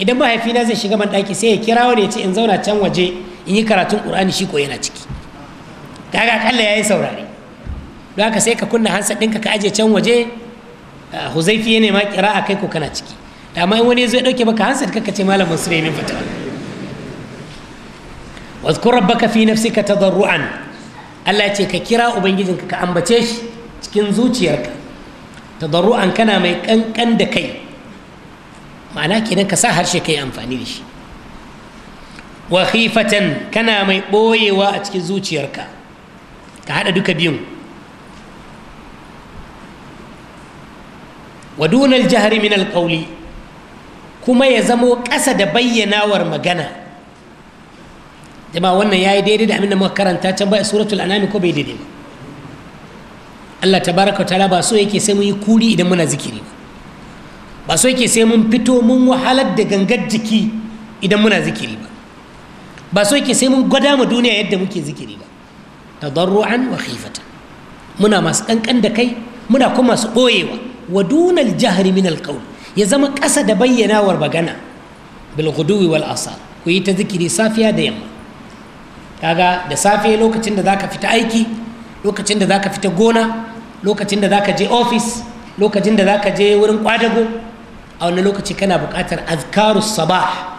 idan mahaifina zai shiga man daki sai ya kira wani ya ce in zauna can waje in yi karatun qur'ani shi ko yana ciki kaga ya yayi saurare don haka sai ka kunna hansa ɗinka ka aje can waje huzaifi ne ma kira a kai ko kana ciki da amma in wani zai ɗauke baka hansa ka ce malamin mansur yayi min fatawa واذكر ربك في نفسك تضرعا Allah ce ka kira ubangijinka ka ambace shi cikin zuciyarka tadarru'an kana mai ƙanƙan da kai ma'ana kenan ka sa harshe kai amfani da shi wa khifatan kana mai ɓoyewa a cikin zuciyarka ka haɗa duka biyun wa dunal jahri min alqawli kuma ya zamo ƙasa da bayyanawar magana jama'a wannan yi daidai da abinda muka karanta can bai suratul anami ko bai daidai ba Allah tabaraka ta'ala ba so yake sai mun yi kuri idan muna zikiri ba ba so yake sai mun fito mun wahalar da gangar jiki idan muna zikiri ba ba so yake sai mun gwada mu duniya yadda muke zikiri ba tadarru'an wa khifatan muna masu kankan da kai muna kuma masu ɓoyewa wa dunal jahri min alqawl ya zama ƙasa da bayyanawar magana bil ghuduwi wal asar ku yi ta zikiri safiya da yamma kaga da safe lokacin da zaka fita aiki lokacin da zaka fita gona lokacin da zaka je ofis lokacin da zaka je wurin kwadago a wani lokaci kana buƙatar azkarus sabah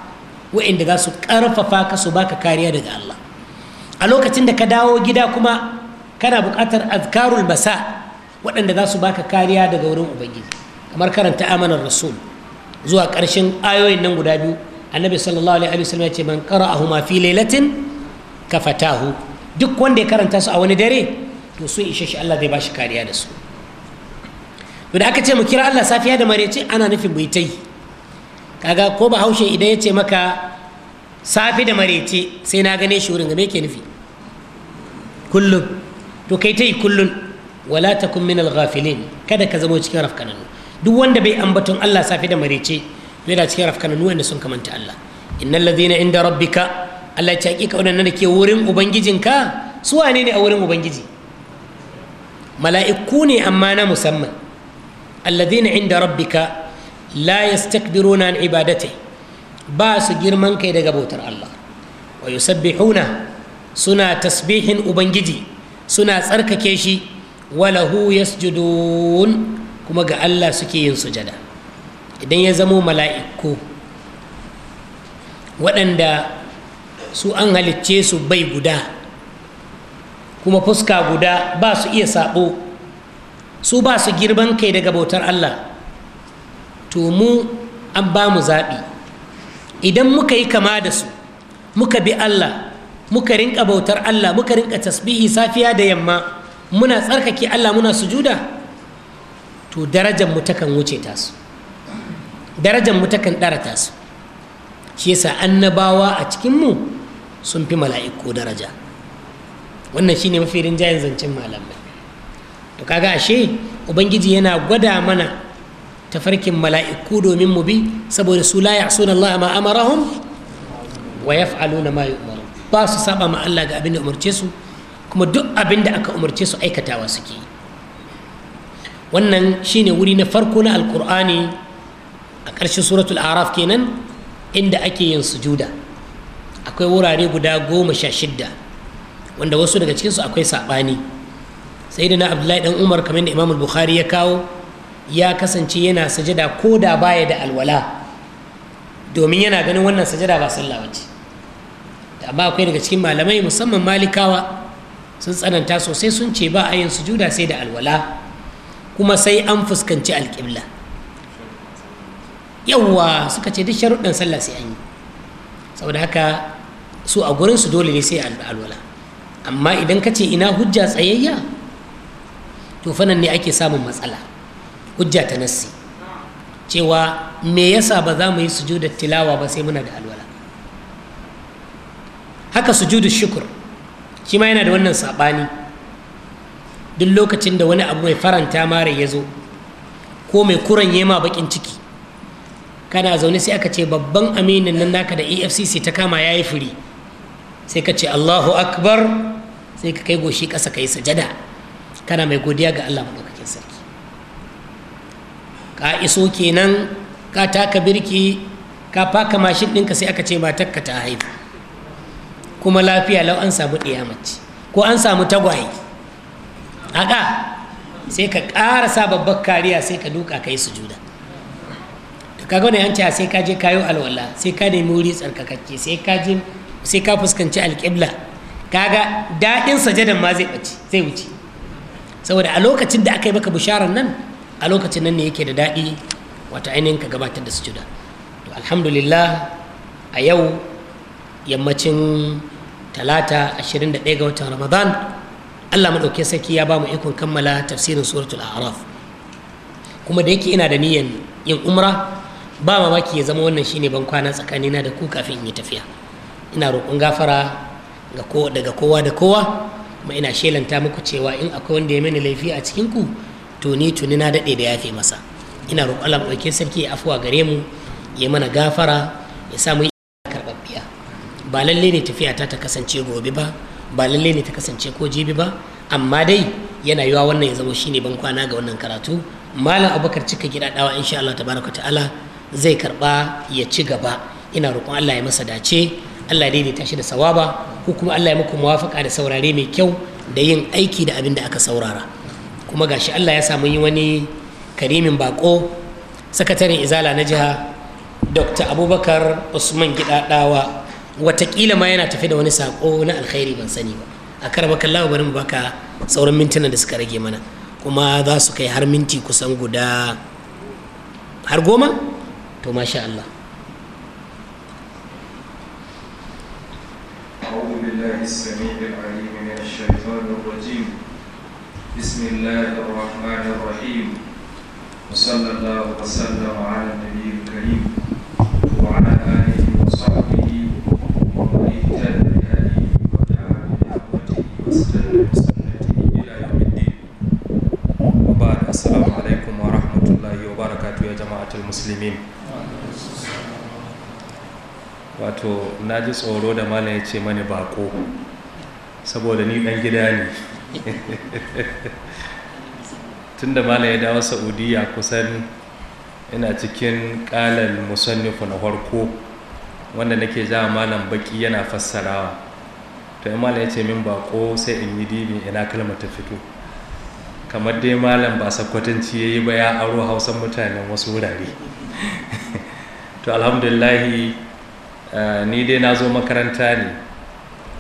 wa'inda za su ƙarfafa ka su baka kariya daga Allah a lokacin da ka dawo gida kuma kana buƙatar azkarul masa waɗanda za su baka kariya daga wurin ubangiji kamar karanta amanar rasul zuwa ƙarshen ayoyin nan guda biyu annabi sallallahu alaihi wasallam ya ce man qara'ahuma fi lailatin kafatahu duk wanda ya karanta su a wani dare to sun ishe shi Allah zai ba shi kariya da su to da aka ce mu kira Allah safiya da marece ana nufin mu yi kaga ko ba haushe idan ya ce maka safi da sai na gane shi wurin game ke nufi kullum to kai ta yi kullum wala takun minal kada ka zama cikin rafkananu duk wanda bai ambaton Allah safi da marece yana cikin rafkananu wanda sun kamanta Allah innal ladhina inda rabbika Allah ya haƙiƙa waɗannan da ke wurin ubangijinka su wane ne a wurin ubangiji mala'iku ne amma na musamman alladhina inda rabbika la yastakbiruna na ibadati ba su girman kai daga bautar Allah wa yusabbihuna suna tasbihin ubangiji suna tsarkake shi walahu yasjudun kuma ga Allah suke yin sujada idan ya zamo mala'iku waɗanda su an halicce su bai guda kuma fuska guda ba su iya sabo su ba su girman kai daga bautar Allah to mu an ba mu zaɓi idan muka yi kama da su muka bi Allah muka rinka bautar Allah muka rinka tasbihi safiya da yamma muna tsarkake Allah muna sujuda to darajar mu takan wuce tasu darajar mu takan ɗara tasu shi yasa annabawa a cikin mu sun fi mala'iku daraja wannan shine mafi rinjayen zancen malamai to kaga ashe ubangiji yana gwada mana tafarkin mala'iku domin mu bi saboda su la ya'suna Allah ma amarahum wa yaf'aluna ma yu'maru ba su saba ma Allah ga abin da umarce su kuma duk abin da aka umarce su aikatawa suke wannan shine wuri na farko na alkur'ani a ƙarshen suratul araf kenan inda ake yin sujuda akwai wurare guda goma sha shidda wanda wasu daga cikinsu akwai saɓani sai da na abdullahi dan umar kamar da imamul bukhari ya kawo ya kasance yana sajada ko da baya da alwala domin yana ganin wannan sajada ba sallah da amma akwai daga cikin malamai musamman malikawa sun tsananta sosai sun ce ba a yin sujuda sai da alwala kuma sai an fuskanci alƙibla yawwa suka ce duk sharuɗin sallah sai an yi saboda haka su a gurin su dole ne sai alwala amma idan ka ce ina hujja tsayayya to fanan ne ake samun matsala hujja ta nassi cewa me yasa ba za mu yi sujudar tilawa ba sai muna da alwala haka sujudu shukur shi ma yana da wannan saɓani duk lokacin da wani abu mai faranta mara ya zo ko mai kuranye ma baƙin ciki kana zaune sai aka ce babban aminin nan naka da efcc ta kama ya yi firi sai ka ce allahu akbar sai ka kai goshi ƙasa ka yi sajada kana mai godiya ga allah maɗaukakin sarki ka iso kenan ka taka birki ka faka mashin ɗinka sai aka ce matarka ta haifu kuma lafiya lau an samu ɗiyamaci ko an samu tagwaye haka sai ka ƙarasa babbar kariya sai ka duka ka yi sujuda kaga an yanci sai ka je kayo alwala sai ka nemi wuri tsarkakakke sai ka je sai ka fuskanci alƙibla kaga daɗin sajadan ma zai ɓace zai wuce saboda a lokacin da aka yi maka bisharar nan a lokacin nan ne yake da daɗi wata ainihin ka gabatar da sujuda to alhamdulillah a yau yammacin talata da ɗaya ga watan ramadan allah maɗauki saki ya ba mu ikon kammala tafsirin suratul araf kuma da yake ina da niyyar yin umra ba mamaki ya zama wannan shine ban kwana tsakanina da ku kafin in yi tafiya ina roƙon gafara ko daga kowa da kowa kuma ina shelanta muku cewa in akwai wanda ya mini laifi a cikin ku to ni tuni na daɗe da yafe masa ina roƙon Allah ɗauke sarki ya afuwa gare mu ya mana gafara ya sa mu karɓaɓɓiya ba lalle ne tafiya ta ta kasance gobe ba ba lalle ne ta kasance ko jibi ba amma dai yana yiwa wannan ya zama shine ban kwana ga wannan karatu malam abubakar cika gida dawa insha Allah tabaraka ta'ala zai karba ya ci gaba ina roƙon Allah ya masa dace Allah ya daidaita shi da sawaba ko kuma Allah ya muku muwafaka da saurare mai kyau da yin aiki da abin da aka saurara kuma gashi Allah ya samu yi wani karimin bako sakataren izala na jiha dr abubakar usman gidadawa watakila ma yana tafi da wani sako na alkhairi ban sani ba a karba kallawa bari mu baka sauran mintuna da suka rage mana kuma za su kai har minti kusan guda har goma ما شاء الله أعوذ بالله السميع العليم من الشيطان الرجيم بسم الله الرحمن الرحيم وصلى الله وسلم على النبي الكريم وعلى آله وصحبه ومن اهتدى بهديه ودعا بدعوته واستنى بسنته إلى يوم الدين وبعد السلام عليكم ورحمة الله وبركاته يا جماعة المسلمين wato na ji tsoro da malam ya ce mani bako saboda ni dan gida ne tun da malam ya dawo saudiya kusan ina cikin kalan musannifu na farko wanda nake jawa malam baki yana fassarawa to in malam ya ce min bako sai in yi dini ina kalmar ta fito kamar dai malam ba sakwatanci ya yi ba ya aro hausan mutanen wasu wurare to alhamdulillahi Eh, ni dai na zo makaranta ne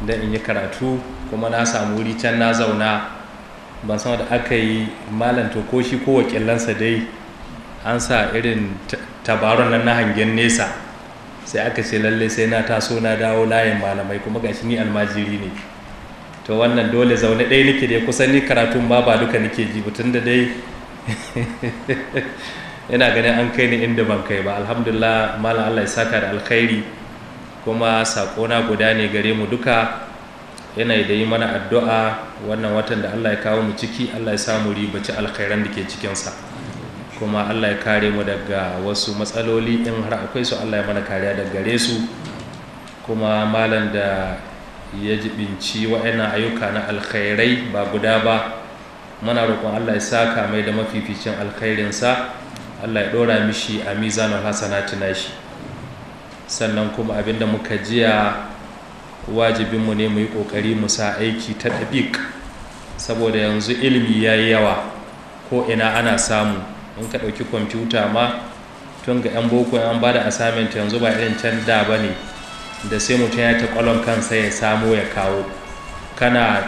don in yi karatu kuma na samu wuri can na zauna ban san da aka yi malam to ko shi ko wakilansa dai an sa irin tabaron nan na hangen nesa sai aka ce lalle sai na taso na dawo layin malamai kuma ga shi ni almajiri ne to wannan dole zaune ɗaya nake dai kusan ni karatun ma ba duka nake ji tun da dai ina ganin an kai ni inda ban kai ba alhamdulillah malam Allah ya saka da alkhairi kuma sakona guda ne gare mu duka yana da yi mana addu'a wannan watan da Allah ya kawo mu ciki Allah ya sa samu ci alkhairan da ke cikinsa kuma Allah ya kare mu daga wasu matsaloli in har akwai su Allah ya mana kariya daga gare su kuma malam da ya jibinci wa'ina ayyuka na alkhairai ba guda ba muna roƙon Allah ya saka mai da mafificin alkhairinsa Allah ya ɗora mishi a mizanin hasana tunashi sannan kuma abinda muka jiya wajibinmu ne mu yi ƙoƙari mu sa aiki ta ɗabiƙ saboda yanzu ilimi ya yi yawa ko ina ana samu in ka ɗauki kwamfuta ma tun ga 'yan boko an ba da assignment yanzu ba irin can da ba ne da sai mutum ya ta ƙwallon kansa ya samo ya kawo kana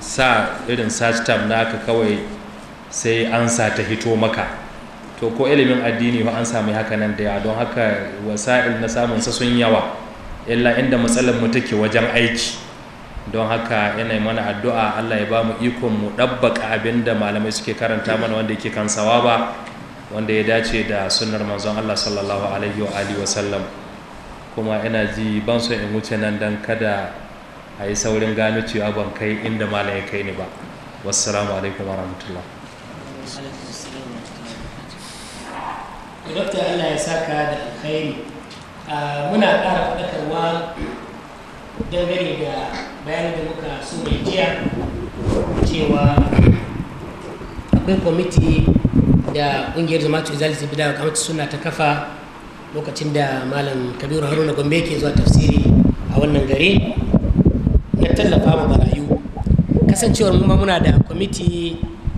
sa irin search term naka kawai sai ansa ta hito maka to ko ilimin addini ba an sami haka nan da yawa don haka wasa'il na samun sa sun yawa illa inda matsalar mu take wajen aiki don haka yana mana addu'a Allah ya ba mu ikon mu ɗabbaka abinda malamai suke karanta mana wanda yake kan sawaba wanda ya dace da sunnar manzon Allah sallallahu alaihi wa alihi wa kuma ina ji ban so in wuce nan dan kada a yi saurin gano cewa ban kai inda malamai kai ni ba wassalamu alaikum wa rahmatullah dokta allah ya saka da alkhairi muna ƙara faɗakarwa dangane da bayanin da muka so mai jiya cewa akwai kwamiti da ƙungiyar jama'atu izalisi bida kamata suna ta kafa lokacin da malam kabiru haruna gombe ke zuwa tafsiri a wannan gare na tallafa ma barayu kasancewar muna da kwamiti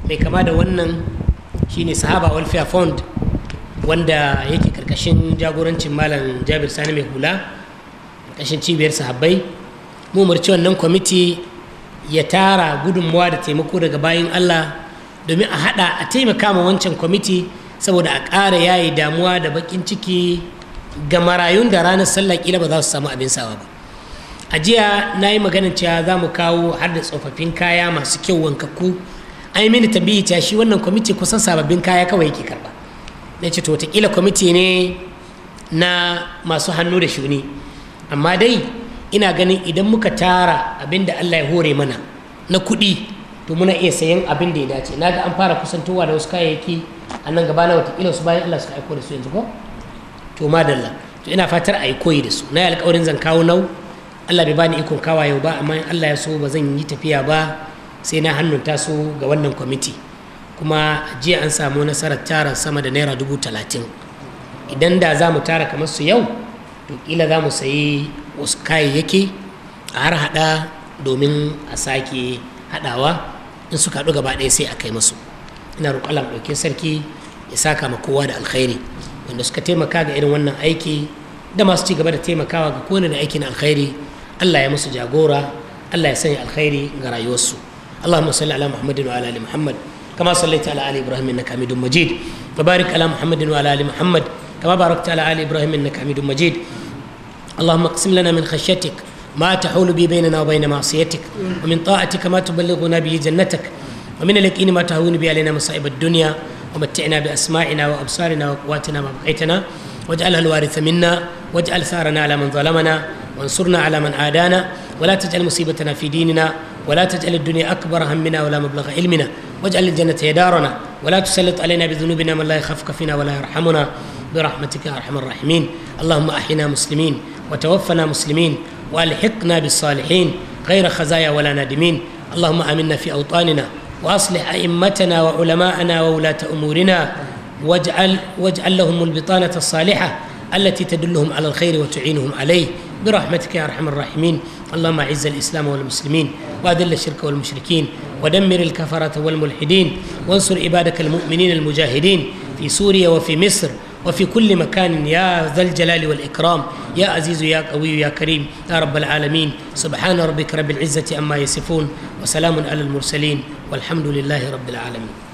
mai kama da wannan shine sahaba welfare fund wanda yake karkashin jagorancin malam jabir sani mai hula karkashin cibiyar sahabbai mu umarci wannan kwamiti ya tara gudunmawa da taimako daga bayan allah domin a hada a taimaka ma wancan kwamiti saboda a ƙara yayi damuwa da bakin ciki ga marayun da ranar sallah kila ba za su samu abin sawa ba a jiya na yi maganin cewa za mu kawo har da tsofaffin kaya masu kyau wankakku an yi mini tabiyi cewa shi wannan kwamiti kusan sababbin kaya kawai yake karba na ce to watakila kwamiti ne na masu hannu da shuni amma dai ina ganin idan muka tara abin da allah ya hore mana na kuɗi to muna iya sayan abin da ya dace na ga an fara kusantowa da wasu kayayyaki a nan gaba na watakila su bayan allah suka aiko da su yanzu ko to madalla to ina fatar a yi koyi da su na yi alkawarin zan kawo nau allah bai bani ikon kawa yau ba amma allah ya so ba zan yi tafiya ba sai na hannunta su ga wannan kwamiti kuma jiya an samu nasarar tara sama da naira dubu talatin idan da za mu tara kamar su yau to ila za mu sayi wasu kayayyaki a har hada domin a sake haɗawa in suka haɗu gaba ɗaya sai a kai musu ina roƙon Allah ɗauke sarki ya saka ma kowa da alkhairi wanda suka taimaka ga irin wannan aiki da masu ci gaba da taimakawa ga kowane da aikin alkhairi Allah ya musu jagora Allah ya sanya alkhairi ga rayuwarsu اللهم صل على محمد وعلى ال محمد كما صليت على آل إبراهيم إنك حميد مجيد وبارك على محمد وعلى آل محمد كما باركت على آل إبراهيم إنك حميد مجيد اللهم اقسم لنا من خشيتك ما تحول بي بيننا وبين معصيتك ومن طاعتك ما تبلغنا به جنتك ومن اليقين ما تهون به علينا مصائب الدنيا ومتعنا بأسماعنا وأبصارنا وقواتنا ما بقيتنا واجعلها الوارث منا واجعل ثارنا على من ظلمنا وانصرنا على من عادانا ولا تجعل مصيبتنا في ديننا ولا تجعل الدنيا أكبر همنا ولا مبلغ علمنا واجعل الجنة هي دارنا ولا تسلط علينا بذنوبنا من لا يخافك فينا ولا يرحمنا برحمتك يا أرحم الراحمين اللهم أحينا مسلمين وتوفنا مسلمين والحقنا بالصالحين غير خزايا ولا نادمين اللهم امنا في اوطاننا واصلح ائمتنا وعلماءنا وولاه امورنا واجعل واجعل لهم البطانه الصالحه التي تدلهم على الخير وتعينهم عليه برحمتك يا ارحم الراحمين اللهم اعز الاسلام والمسلمين وأذل الشرك والمشركين ودمر الكفرة والملحدين وانصر عبادك المؤمنين المجاهدين في سوريا وفي مصر وفي كل مكان يا ذا الجلال والإكرام يا عزيز يا قوي يا كريم يا رب العالمين سبحان ربك رب العزة أما يصفون وسلام على المرسلين والحمد لله رب العالمين